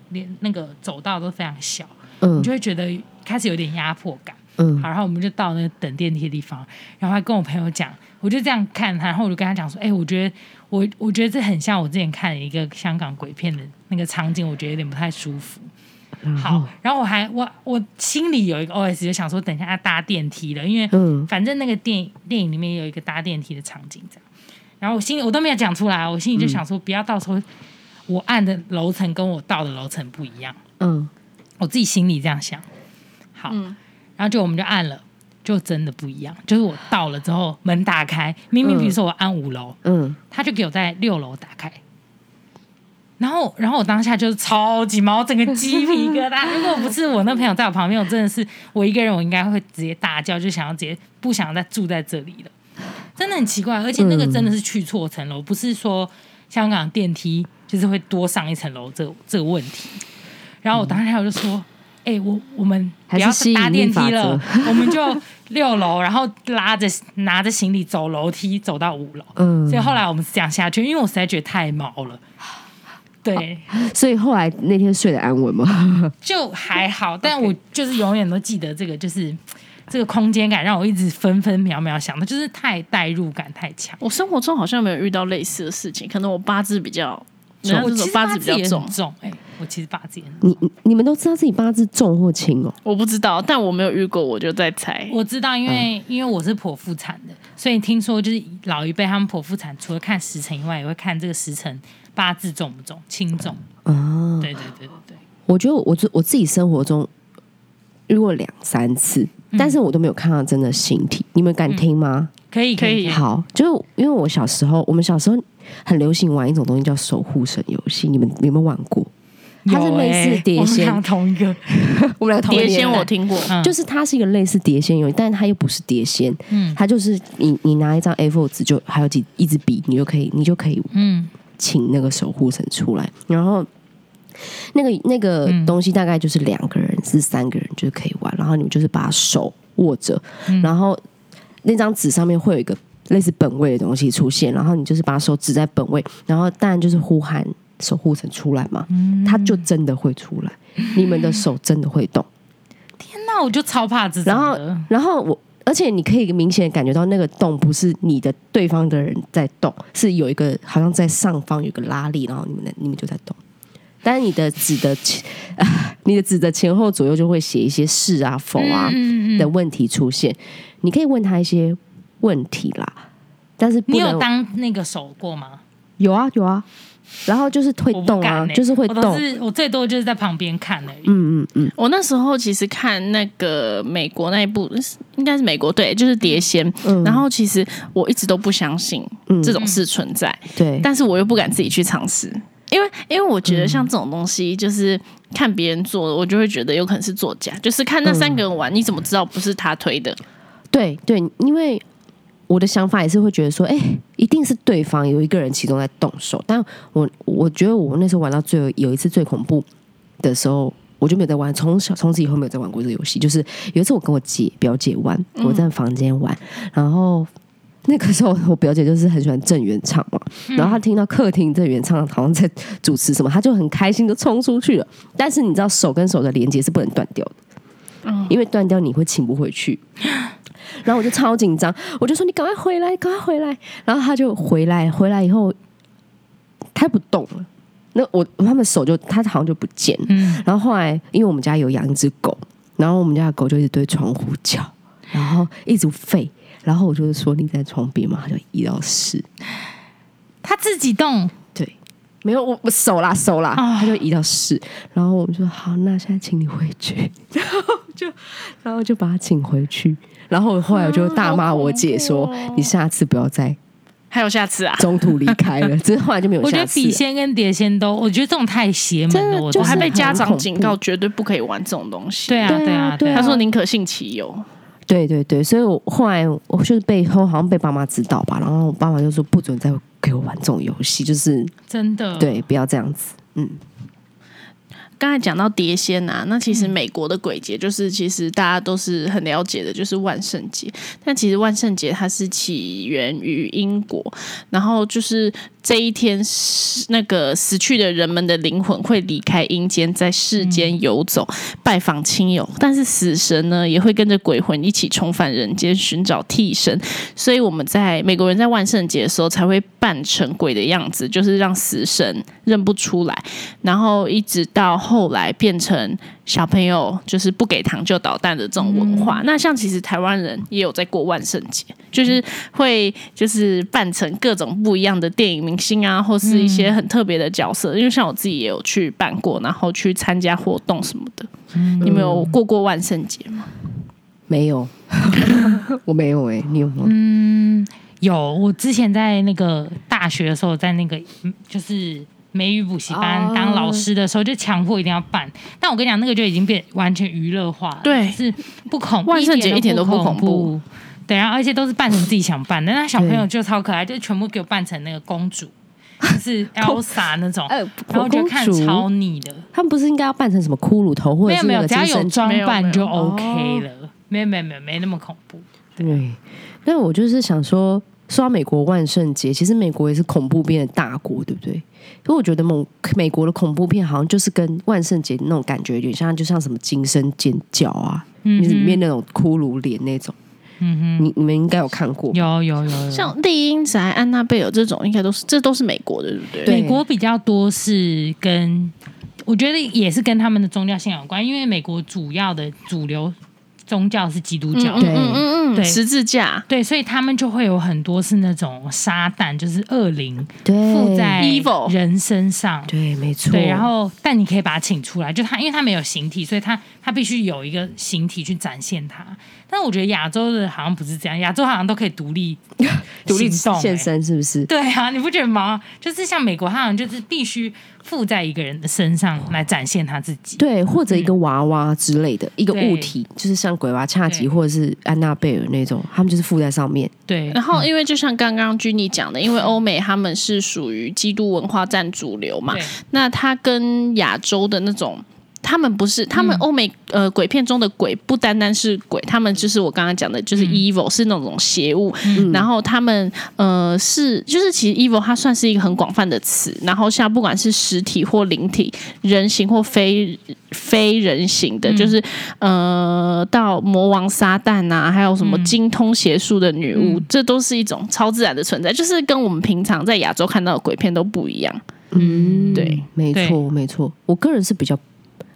連那個走道都非常小，嗯，你就會覺得開始有點壓迫感，嗯，好，然後我們就到那個等電梯的地方，然後還跟我朋友講。我就這樣看他，然後我就跟他講說：“哎、欸，我覺得我我覺得這很像我之前看一個香港鬼片的那個場景，我覺得有點不太舒服。嗯”好，然後我還我我心裡有一個 OS，就想說等一下要搭電梯了，因為反正那個電影、嗯、電影裡面有一個搭電梯的場景這樣，然後我心裡我都沒有講出來，我心裡就想說不要到時候我按的樓層跟我到的樓層不一樣，嗯，我自己心裡這樣想。好，嗯、然後就我們就按了。就真的不一樣，就是我到了之後門打開，明明比如說我按五樓，嗯，嗯，他就給我在六樓打開，然後然後我當下就是超級毛，整個雞皮疙瘩。 <laughs> 如果不是我那朋友在我旁邊，我真的是我一個人，我應該會直接大叫，就想要直接不想再住在這裡了。真的很奇怪，而且那個真的是去錯層樓，嗯，不是說香港電梯就是會多上一層樓這個，這個問題。然後我當下我就說。嗯哎、欸，我我們不要搭電梯了， <laughs> 我們就六樓，然後拉着拿着行李走樓梯走到五樓。嗯，所以後來我們這樣下去，因為我實在覺得太毛了。對，啊、所以後來那天睡得安穩嗎？ <laughs> 就還好，但我就是永遠都記得這個，就是這個空間感讓我一直分分秒秒想的，就是太代入感太強。我生活中好像沒有遇到類似的事情，可能我八字比較。我其實八字比較重，重哎！我其實八字，也很重、欸、我其實八字也很重。你你們都知道自己八字重或輕哦？我不知道，但我沒有遇過，我就在猜。我知道，因為因為我是剖腹產的，所以聽說就是老一輩他們剖腹產，除了看時辰以外，也會看這個時辰八字重不重，輕重。啊！對對對對。我覺得我自我自己生活中如果兩三次。但是我都沒有看到真的形體。嗯，你們敢聽嗎？嗯，可以可以。好，就因為我小時候，我們小時候很流行玩一種東西叫守護神遊戲，你們有沒有玩過？欸，它是類似碟仙，同一個，我們兩， <laughs> 我們兩同一個我聽過，就是它是一個類似碟仙遊戲，但是它又不是碟仙。嗯，它就是你你拿一張 A4 紙，就還有幾一支筆，你就可以你就可以嗯，請那個守護神出來，然後。那個那個東西大概就是兩個人至三個人就可以玩，然後你們就是把手握着，然後那張紙上面會有一個類似本位的東西出現，然後你就是把手指在本位，然後當然就是呼喊守護神出來嘛，他就真的會出來，你們的手真的會動。天哪，我就超怕這種。然後然後我，而且你可以明顯感覺到那個動不是你的對方的人在動，是有一個好像在上方有個拉力，然後你們你們就在動。但是你的紙的前， <laughs> 你的紙的前後左右就會寫一些是啊、否、嗯、啊、嗯嗯嗯、的問題出現。你可以問他一些問題啦，但是你有當那個手過嗎？有啊，有啊。然後就是會動啊，欸、就是會動我是。我最多就是在旁邊看而已。嗯嗯嗯。我那時候其實看那個美國那一部，應該是美國，對，就是碟仙，嗯。然後其實我一直都不相信這種事存在，嗯、對。但是我又不敢自己去嘗試。因為，因為我覺得像這種東西，嗯、就是看別人做我就會覺得有可能是作假。就是看那三個人玩，嗯、你怎麼知道不是他推的？對對，因為我的想法也是會覺得說，誒，一定是對方有一個人其中在動手。但我我覺得我那時候玩到最有一次最恐怖的時候，我就沒有再玩，從小從此以後沒有再玩過這個遊戲。就是有一次我跟我姐表姐玩，我在房間玩，嗯、然後。那個時候，我表姐就是很喜歡鄭元暢嘛，然後她聽到客廳鄭元暢好像在主持什麼，她就很開心的衝出去了。但是你知道，手跟手的連接是不能斷掉的，嗯，因為斷掉你會請不回去。然後我就超緊張，我就說：“你趕快回來，趕快回來！”然後他就回來，回來以後他不動了，那我他們手就他好像就不見了。嗯，然後後來因為我們家有養一只狗，然後我們家的狗就一直對窗戶叫，然後一直吠。然後我就是說你在床邊嘛，他就移到四，他自己動，對，沒有我我手啦手啦，啦 oh. 他就移到四，然後我們說好，那現在請你回去，然 <laughs> 後就然後就把他請回去，然後後來我就大罵我姐說、啊哦、你下次不要再，還有下次啊，中途離開了，之後來就沒有下次。我覺得筆仙跟碟仙都，我覺得這種太邪門了，我還被家長警告絕對不可以玩這種東西。對啊對啊對啊，對啊，他說寧可信其有。對對對，所以我後來我就是被，好像被爸媽知道吧，然後我爸媽就說不准再給我玩這種遊戲，就是真的，對，不要這樣子，嗯。剛才講到碟仙啊，那其實美國的鬼節就是，嗯就是、其實大家都是很了解的，就是萬聖節。但其實萬聖節它是起源於英國，然後就是。這一天，死那個死去的人們的靈魂會離開陰間，在世間遊走，拜訪親友。但是死神呢，也會跟着鬼魂一起重返人間，尋找替身。所以我們在美國人，在萬聖節的時候才會扮成鬼的樣子，就是讓死神認不出來。然後一直到後來變成。小朋友就是不給糖就搗蛋的這種文化。嗯、那像其實台灣人也有在過萬聖節、嗯，就是會就是扮成各種不一樣的電影明星啊，或是一些很特別的角色、嗯。因為像我自己也有去辦過，然後去參加活動什麼的。嗯、你沒有過過萬聖節嗎？沒有， <laughs> 我沒有哎、欸，你有嗎？嗯，有。我之前在那個大學的時候，在那個就是。美語補習班、oh. 當老師的時候就強迫一定要扮。但我跟你講，那個就已經變完全娛樂化了，對，是不恐，不恐怖，萬聖節一點都不恐怖，對啊，而且都是扮成自己想扮的， <laughs> 那小朋友就超可愛，就全部給我扮成那個公主，就是 Elsa 那種， <laughs> 哎、然後就看超膩的。他們不是應該要扮成什麼骷髏頭或者是沒有沒有，只要有裝扮沒有沒有就 OK 了，哦、沒有沒有沒有沒那麼恐怖對。對，那我就是想說，說到美國萬聖節，其實美國也是恐怖片的大國，對不對？因為我覺得美美國的恐怖片好像就是跟萬聖節那種感覺有點像，就像什麼《驚聲尖叫》啊，就是裡面那種骷髏臉那種，嗯哼，你你們應該有看過，有有，有有有，像《厲陰宅》《安娜貝爾》這種，應該都是這都是美國的，對不對？美國比較多是跟，我覺得也是跟他們的宗教信仰有關，因為美國主要的主流。宗教是基督教、嗯嗯嗯嗯，對，十字架，對，所以他們就會有很多是那種撒旦，就是惡靈附在人身上，對，對沒錯對。然後，但你可以把它請出來，就他，因為他沒有形體，所以他他必須有一個形體去展現他。但我覺得亞洲的好像不是這樣，亞洲好像都可以獨立行動、欸、獨立現身，是不是？對啊，你不覺得嗎？就是像美國，他好像就是必須。附在一個人的身上來展現他自己，對，或者一個娃娃之類的、嗯、一個物體，就是像鬼娃恰吉或者是安娜貝爾那種，他們就是附在上面。對，然後因為就像剛剛 Jenny 講的，因為歐美他們是屬於基督文化占主流嘛，那他跟亞洲的那種。他們不是，他們歐美呃鬼片，中的鬼不單單是鬼，他們就是我剛剛講的，就是 evil、嗯、是那種種邪物，嗯。然後他們呃是就是其實 evil 它，算是一個很廣泛的詞。然後像不管是實體或靈體，人形或非非人形的，就是呃到魔王、撒旦啊，還有什麼精通邪術的女巫、嗯，這都是一種超自然的存在，就是跟我們平常在亞洲看到的鬼片都不一樣。嗯，對，沒錯，沒錯。我個人是比較。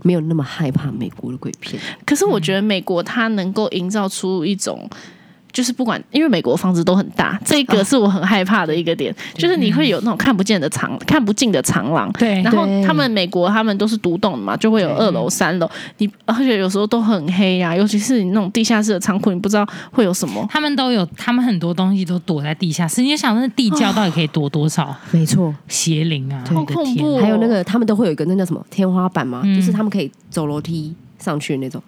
沒有那麼害怕美國的鬼片，可是我覺得美國它能夠營造出一種。就是不管，因為美國房子都很大，這一個是我很害怕的一個點、哦，就是你會有那種看不見的長、看不見的長廊。對，然後他們美國他們都是獨棟的嘛，就會有二樓、三樓，你而且有時候都很黑呀、啊，尤其是你那種地下室的倉庫，你不知道會有什麼。他們都有，他們很多東西都躲在地下室。你就想那地窖到底可以躲多少？哦、沒錯，邪靈啊，好恐怖、哦！還有那個他們都會有一個那叫什麼天花板嘛、嗯，就是他們可以走樓梯上去那種。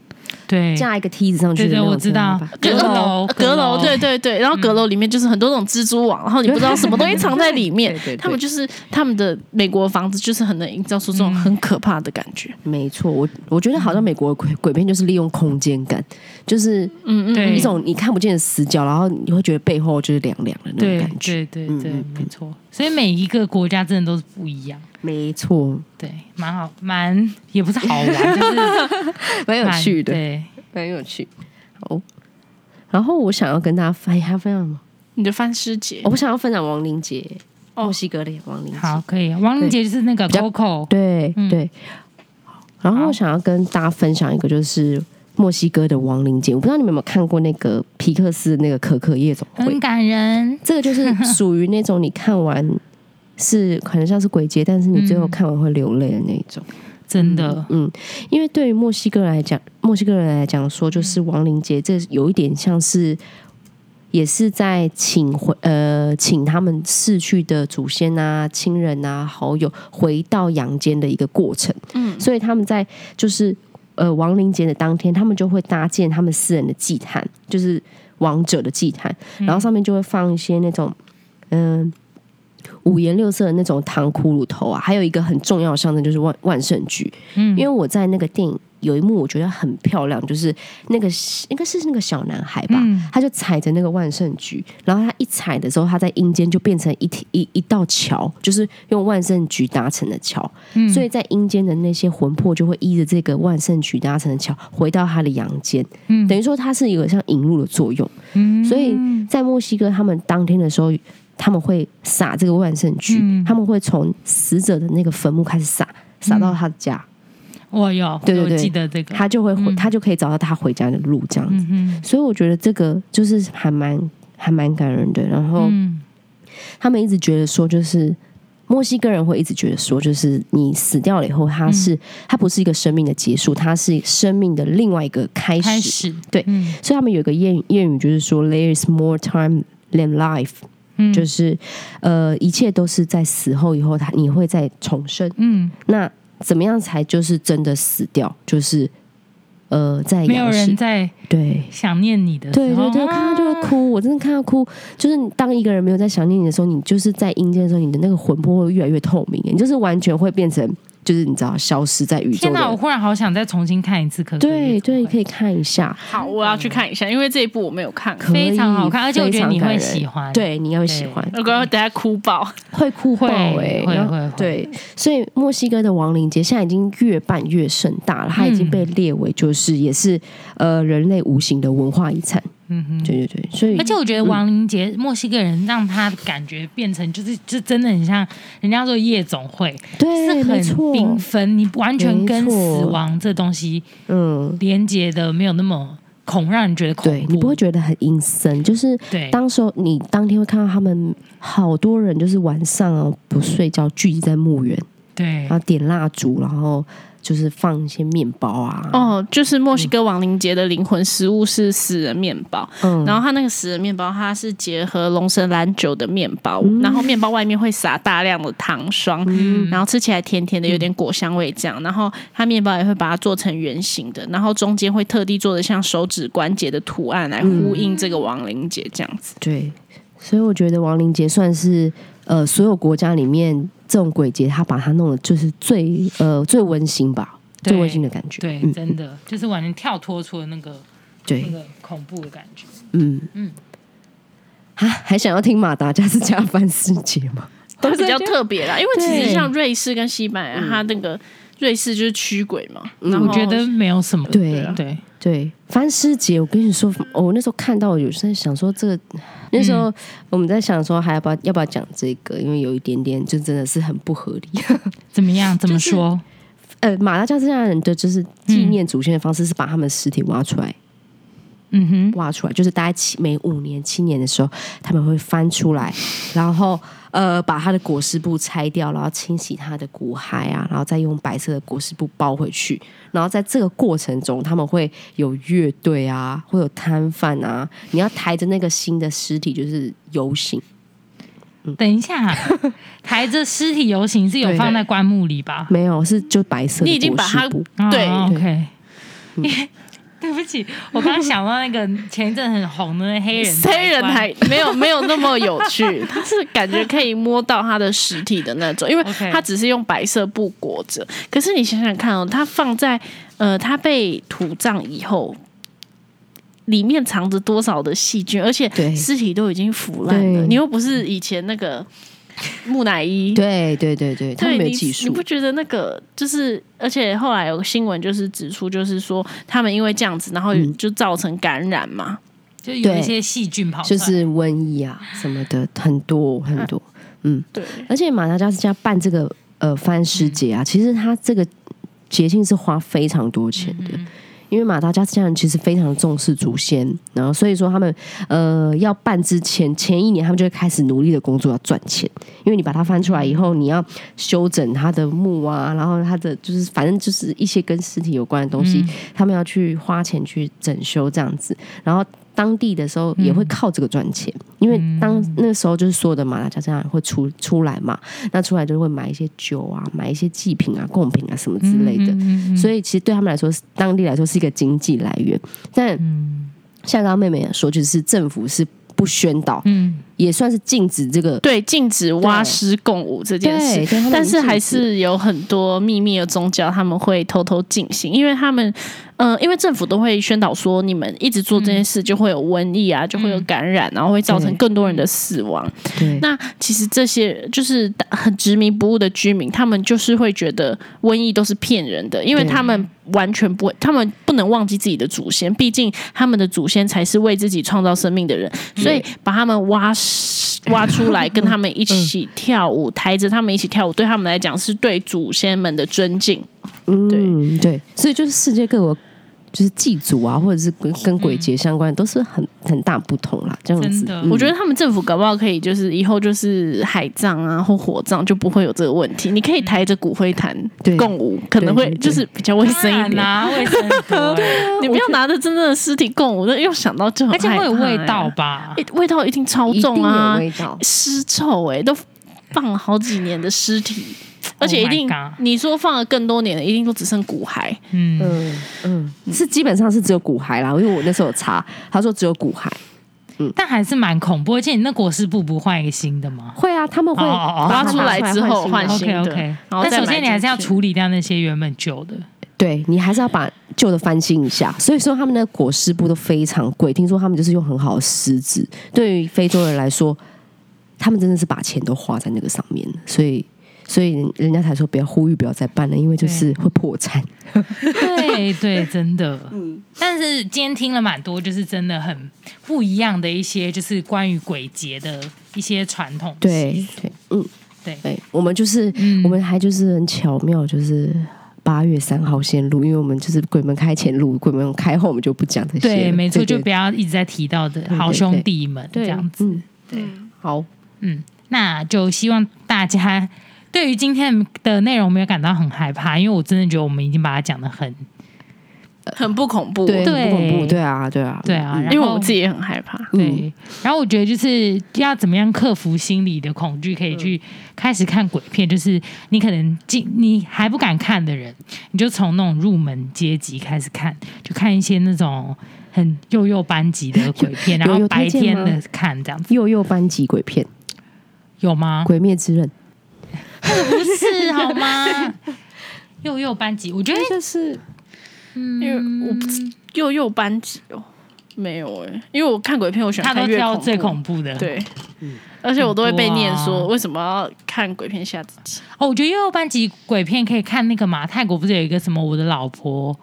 對，架一個梯子上去的，對對對，我知道。閣樓，閣樓，對對對，然後閣樓裡面就是很多那種蜘蛛網，然蜘蛛網，然後你不知道什麼東西藏在裡面。對，對，他們就是他們的美國房子，就是很能營造出這種很可怕的感覺。嗯、沒錯，我我覺得好像美國的鬼，鬼片就是利用空間感，就是嗯嗯，一種你看不見的死角，然後你會覺得背後就是涼涼的那種感覺。對對，對對，嗯、對沒錯。所以每一個國家真的都是不一樣，沒錯，對，蠻好，蠻也不是好玩， <laughs> 就是蠻有趣的，對，蠻有趣。哦，然後我想要跟大家分,、哎、他分享什麼？你的翻屍節，我不想要分享亡靈節，墨、哦、西哥的亡靈節，可以，亡靈節就是那個 Coco，對對,、嗯、對。然後我想要跟大家分享一個就是。墨西哥的亡靈節，我不知道你們有沒有看過那個皮克斯那個《可可夜總會》，很感人。這個就是屬於那種你看完是 <laughs> 可能像是鬼節，但是你最後看完會流淚的那種。真的嗯，嗯，因為對於墨西哥人來講，墨西哥人來講說，就是亡靈節，這有一點像是也是在請回呃，請他們逝去的祖先啊、親人啊、好友回到陽間的一個過程。嗯，所以他們在就是。呃，亡靈節的當天，他們就會搭建他們私人的祭壇，就是亡者的祭壇，嗯、然後上面就會放一些那種嗯、呃、五顏六色的那種糖骷髏頭啊，還有一個很重要的象徵就是萬萬壽菊，嗯，因為我在那個電影。有一幕我覺得很漂亮，就是那個應該是那個小男孩吧，嗯，他就踩着那個萬聖菊，然後他一踩的時候，他在陰間就變成一一一道橋，就是用萬聖菊搭成的橋，嗯。所以在陰間的那些魂魄就會依着這個萬聖菊搭成的橋回到他的陽間。嗯，等於說它是有個像引路的作用，嗯。所以在墨西哥他們當天的時候，他們會撒這個萬聖菊，嗯，他們會從死者的那個墳墓開始撒，撒到他的家。嗯我有，對對對、我記得這個，他就會迴、嗯，他就可以找到他回家的路這樣子。嗯、所以我覺得這個就是還蠻還蠻感人的。然後，嗯、他們一直覺得說，就是墨西哥人會一直覺得說，就是你死掉了以後，他是、嗯、他不是一個生命的結束，他是生命的另外一個開始。開始對、嗯，所以他們有一個諺語、諺語就是說，There is more time than life、嗯。就是呃，一切都是在死後以後，他你會再重生。嗯，那。怎麼樣才就是真的死掉？就是呃，在沒有人在對想念你的時候，對對對，看他就會哭，啊。我真的看他哭，就是當一個人沒有在想念你的時候，你就是在陰間的時候，你的那個魂魄會越來越透明，你就是完全會變成。就是你知道，消失在宇宙。天吶、啊，我忽然好想再重新看一次可可，可對對，可以看一下。好，我要去看一下，嗯、因為這一部我沒有看過可，非常好看，而且我覺得你會喜歡。對，你會喜歡。嗯、如果要等下哭爆，會哭爆、欸、會，會了會了會了。對，所以墨西哥的亡靈節現在已經越辦越盛大了，嗯、它已經被列為就是也是呃人類無形的文化遺產。嗯哼，對對對，所以，而且我覺得亡靈節、嗯、墨西哥人讓他感覺變成就是就真的很像人家說夜總會，對，是很繽紛，你完全跟死亡這東西，嗯，連接的沒有那麼恐，嗯、讓人覺得恐怖，你不會覺得很陰森，就是對，當時候你當天會看到他們好多人就是晚上啊不睡覺聚集在墓園，對，然後點蠟燭，然後。就是放一些麵包啊，哦、oh,，就是墨西哥亡靈節的靈魂食物是死人麵包，嗯，然後它那個死人麵包它是結合龍舌蘭酒的麵包，嗯、然後麵包外面會撒大量的糖霜，嗯，然後吃起來甜甜的，有點果香味這樣，嗯、然後它麵包也會把它做成圓形的，然後中間會特地做的像手指關節的圖案來呼應這個亡靈節這樣子，嗯，對，所以我覺得亡靈節算是呃所有國家裡面，這種鬼節，他把它弄得，就是最呃最溫馨吧，最溫馨的感覺。對，嗯、真的就是完全跳脫出了那個對那個恐怖的感覺。嗯嗯。啊，還想要聽馬達加斯加翻屍節嗎？都是比較特別啦，因為其實像瑞士跟西班牙，它那個。嗯。瑞士就是驅鬼嘛，那我覺得沒有什麼對、啊。對對對，翻屍節，節我跟你說、哦，我那時候看到，有時候在想說、這個，這那時候我們在想說，還要不要要不要講這個？因為有一點點，就真的是很不合理。怎麼樣？怎麼說？就是、呃，馬達加斯加人的就是紀念祖先的方式是把他們的屍體挖出來。嗯哼，挖出來就是大概七、每五年、七年的時候，他們會翻出來，然後。呃，把他的裹屍布拆掉，然後清洗他的骨骸啊，然後再用白色的裹屍布包回去。然後在這個過程中，他們會有樂隊啊，會有攤販啊，你要抬着那個新的屍體就是遊行。嗯，等一下，抬着屍體遊行是有放在棺木裡吧？ <laughs> 沒有，是就白色的。你已經把它對、哦、OK。嗯對不起，我剛想到那個前一陣很紅的那黑人，黑人還沒有沒有那麼有趣， <laughs> 他是感覺可以摸到他的實體的那種，因為他只是用白色布裹着。可是你想想看哦，他放在呃，他被土葬以後，裡面藏着多少的細菌，而且屍體都已經腐爛了。你又不是以前那個。木乃伊，對對對對，他沒有技術你。你不覺得那個就是，而且後來有個新聞就是指出，就是說他們因為這樣子，然後、嗯、就造成感染嘛，就有一些細菌跑，就是瘟疫啊什麼的，很多很多、啊。嗯，對。而且馬達加斯加辦這個呃翻屍節啊、嗯，其實他這個節慶是花非常多錢的。嗯因為馬達加斯加人其實非常重視祖先，然後所以說他們呃要辦之前，前一年他們就會開始努力的工作要賺錢，因為你把它翻出來以後，你要修整他的墓啊，然後他的就是反正就是一些跟屍體有關的東西，嗯，他們要去花錢去整修這樣子，然後。當地的時候也會靠這個賺錢，嗯，因為當，嗯、當那時候就是所有的馬拉加西這樣會出出來嘛，那出來就會買一些酒啊，買一些祭品啊，貢品啊什麼之類的，嗯嗯嗯嗯，所以其實對他們來說，當地來說是一個經濟來源。但，嗯、像剛剛妹妹說，就是政府是不宣導。嗯也算是禁止這個，對，禁止挖屍共舞這件事，但是還是有很多秘密的宗教他們會偷偷進行，因為他們嗯、呃，因為政府都會宣導說，你們一直做這件事就會有瘟疫啊，嗯、就會有感染，然後會造成更多人的死亡。對，對那其實這些就是很執迷不悟的居民，他們就是會覺得瘟疫都是騙人的，因為他們完全不會，他們不能忘記自己的祖先，畢竟他們的祖先才是為自己創造生命的人，所以把他們挖屍挖出來跟他們一起跳舞， <laughs> 抬着他們一起跳舞，對他們來講是對祖先們的尊敬。對。嗯，對，所以就是世界各國。就是祭祖啊，或者是跟跟鬼節相關的，都是很很大不同啦。這樣子、嗯，我覺得他們政府搞不好可以，就是以後就是海葬啊，或火葬，就不會有這個問題。你可以抬着骨灰壇共舞，對，可能會就是比較衛生一點。衛、啊、生、欸、 <laughs> 你不要拿着真正的屍體共舞，那又想到就而且會有味道吧、欸？味道一定超重啊！味道，屍臭哎、欸，都放了好幾年的屍體。而且一定、oh，你說放了更多年了，一定都只剩骨骸。嗯嗯，是基本上是只有骨骸啦。因為我那時候有查， <laughs> 他說只有骨骸。嗯、但還是蠻恐怖。而且你那裹屍布不換個新的嗎？會啊，他們會挖、oh oh oh, 哦、出來之後換新的。OK OK。但首先你還是要處理掉那些原本舊的。對你還是要把舊的翻新一下。所以說他們的裹屍布都非常貴。聽說他們就是用很好的絲質，對於非洲人來說，他們真的是把錢都花在那個上面，所以。所以人家才說不要呼籲，不要再辦了，因為就是會破產。對 <laughs> 對，對，真的。嗯，但是今天聽了蠻多，就是真的很不一樣的一些，就是關於鬼節的一些傳統。對對，嗯，對，對。我們就是、嗯，我們還就是很巧妙，就是八月三號先錄，因為我們就是鬼門開前錄，鬼門開後我們就不講這些。對，沒錯，就不要一直在提到的好兄弟們這樣子。對，好，嗯，那就希望大家。對於今天的內容，沒有感到很害怕，因為我真的覺得我們已經把它講得很、呃、很不恐怖，對不恐怖，對啊，對啊，對、嗯、啊。因為我自己也很害怕，對。嗯、然後我覺得就是就要怎麼樣克服心理的恐懼，可以去開始看鬼片。嗯、就是你可能進你還不敢看的人，你就從那種入門階級開始看，就看一些那種很幼幼班級的鬼片， <laughs> 然後白天的看，看這樣子。幼幼班級鬼片有嗎？鬼滅之刃。不是好嗎？ <laughs> 幼幼班級，我覺得就是，因為我、嗯、幼幼班級哦，沒有哎、欸，因為我看鬼片，我喜歡看恐他都知道最恐怖的，對，嗯、而且我都會被念說、啊、為什麼要看鬼片嚇自己。哦，我覺得幼幼班級鬼片可以看那個嘛，泰國不是有一個什麼我的老婆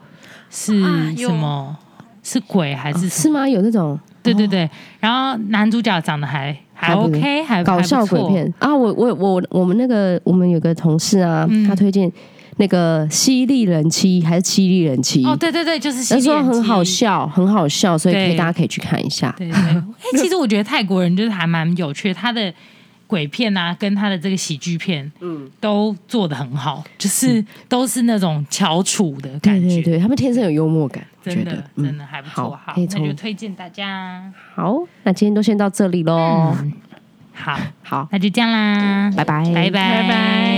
是什麼、啊、是鬼還是、哦、是嗎？有那種，對對對、對、哦，然後男主角長得還。還 OK，搞笑鬼片啊！我我我，我，我們那個我們有個同事啊，嗯、他推薦那個《犀利人妻》還是《犀利人妻》？哦，對對對，就是《犀利人妻》，他說很好笑，很好笑，所以可以大家可以去看一下。對，對，對、 <laughs> 欸、其實我覺得泰國人就是還蠻有趣，他的。鬼片啊，跟他的這個喜劇片，嗯，都做得很好，就是，嗯、都是那種翹楚的感覺。對，對，對，他們天生有幽默感，真的，嗯、真的還不錯哈。那就推薦大家。好，那今天都先到這裡嘍，嗯。好，好，那就這樣啦，拜拜，拜拜，拜拜。Bye bye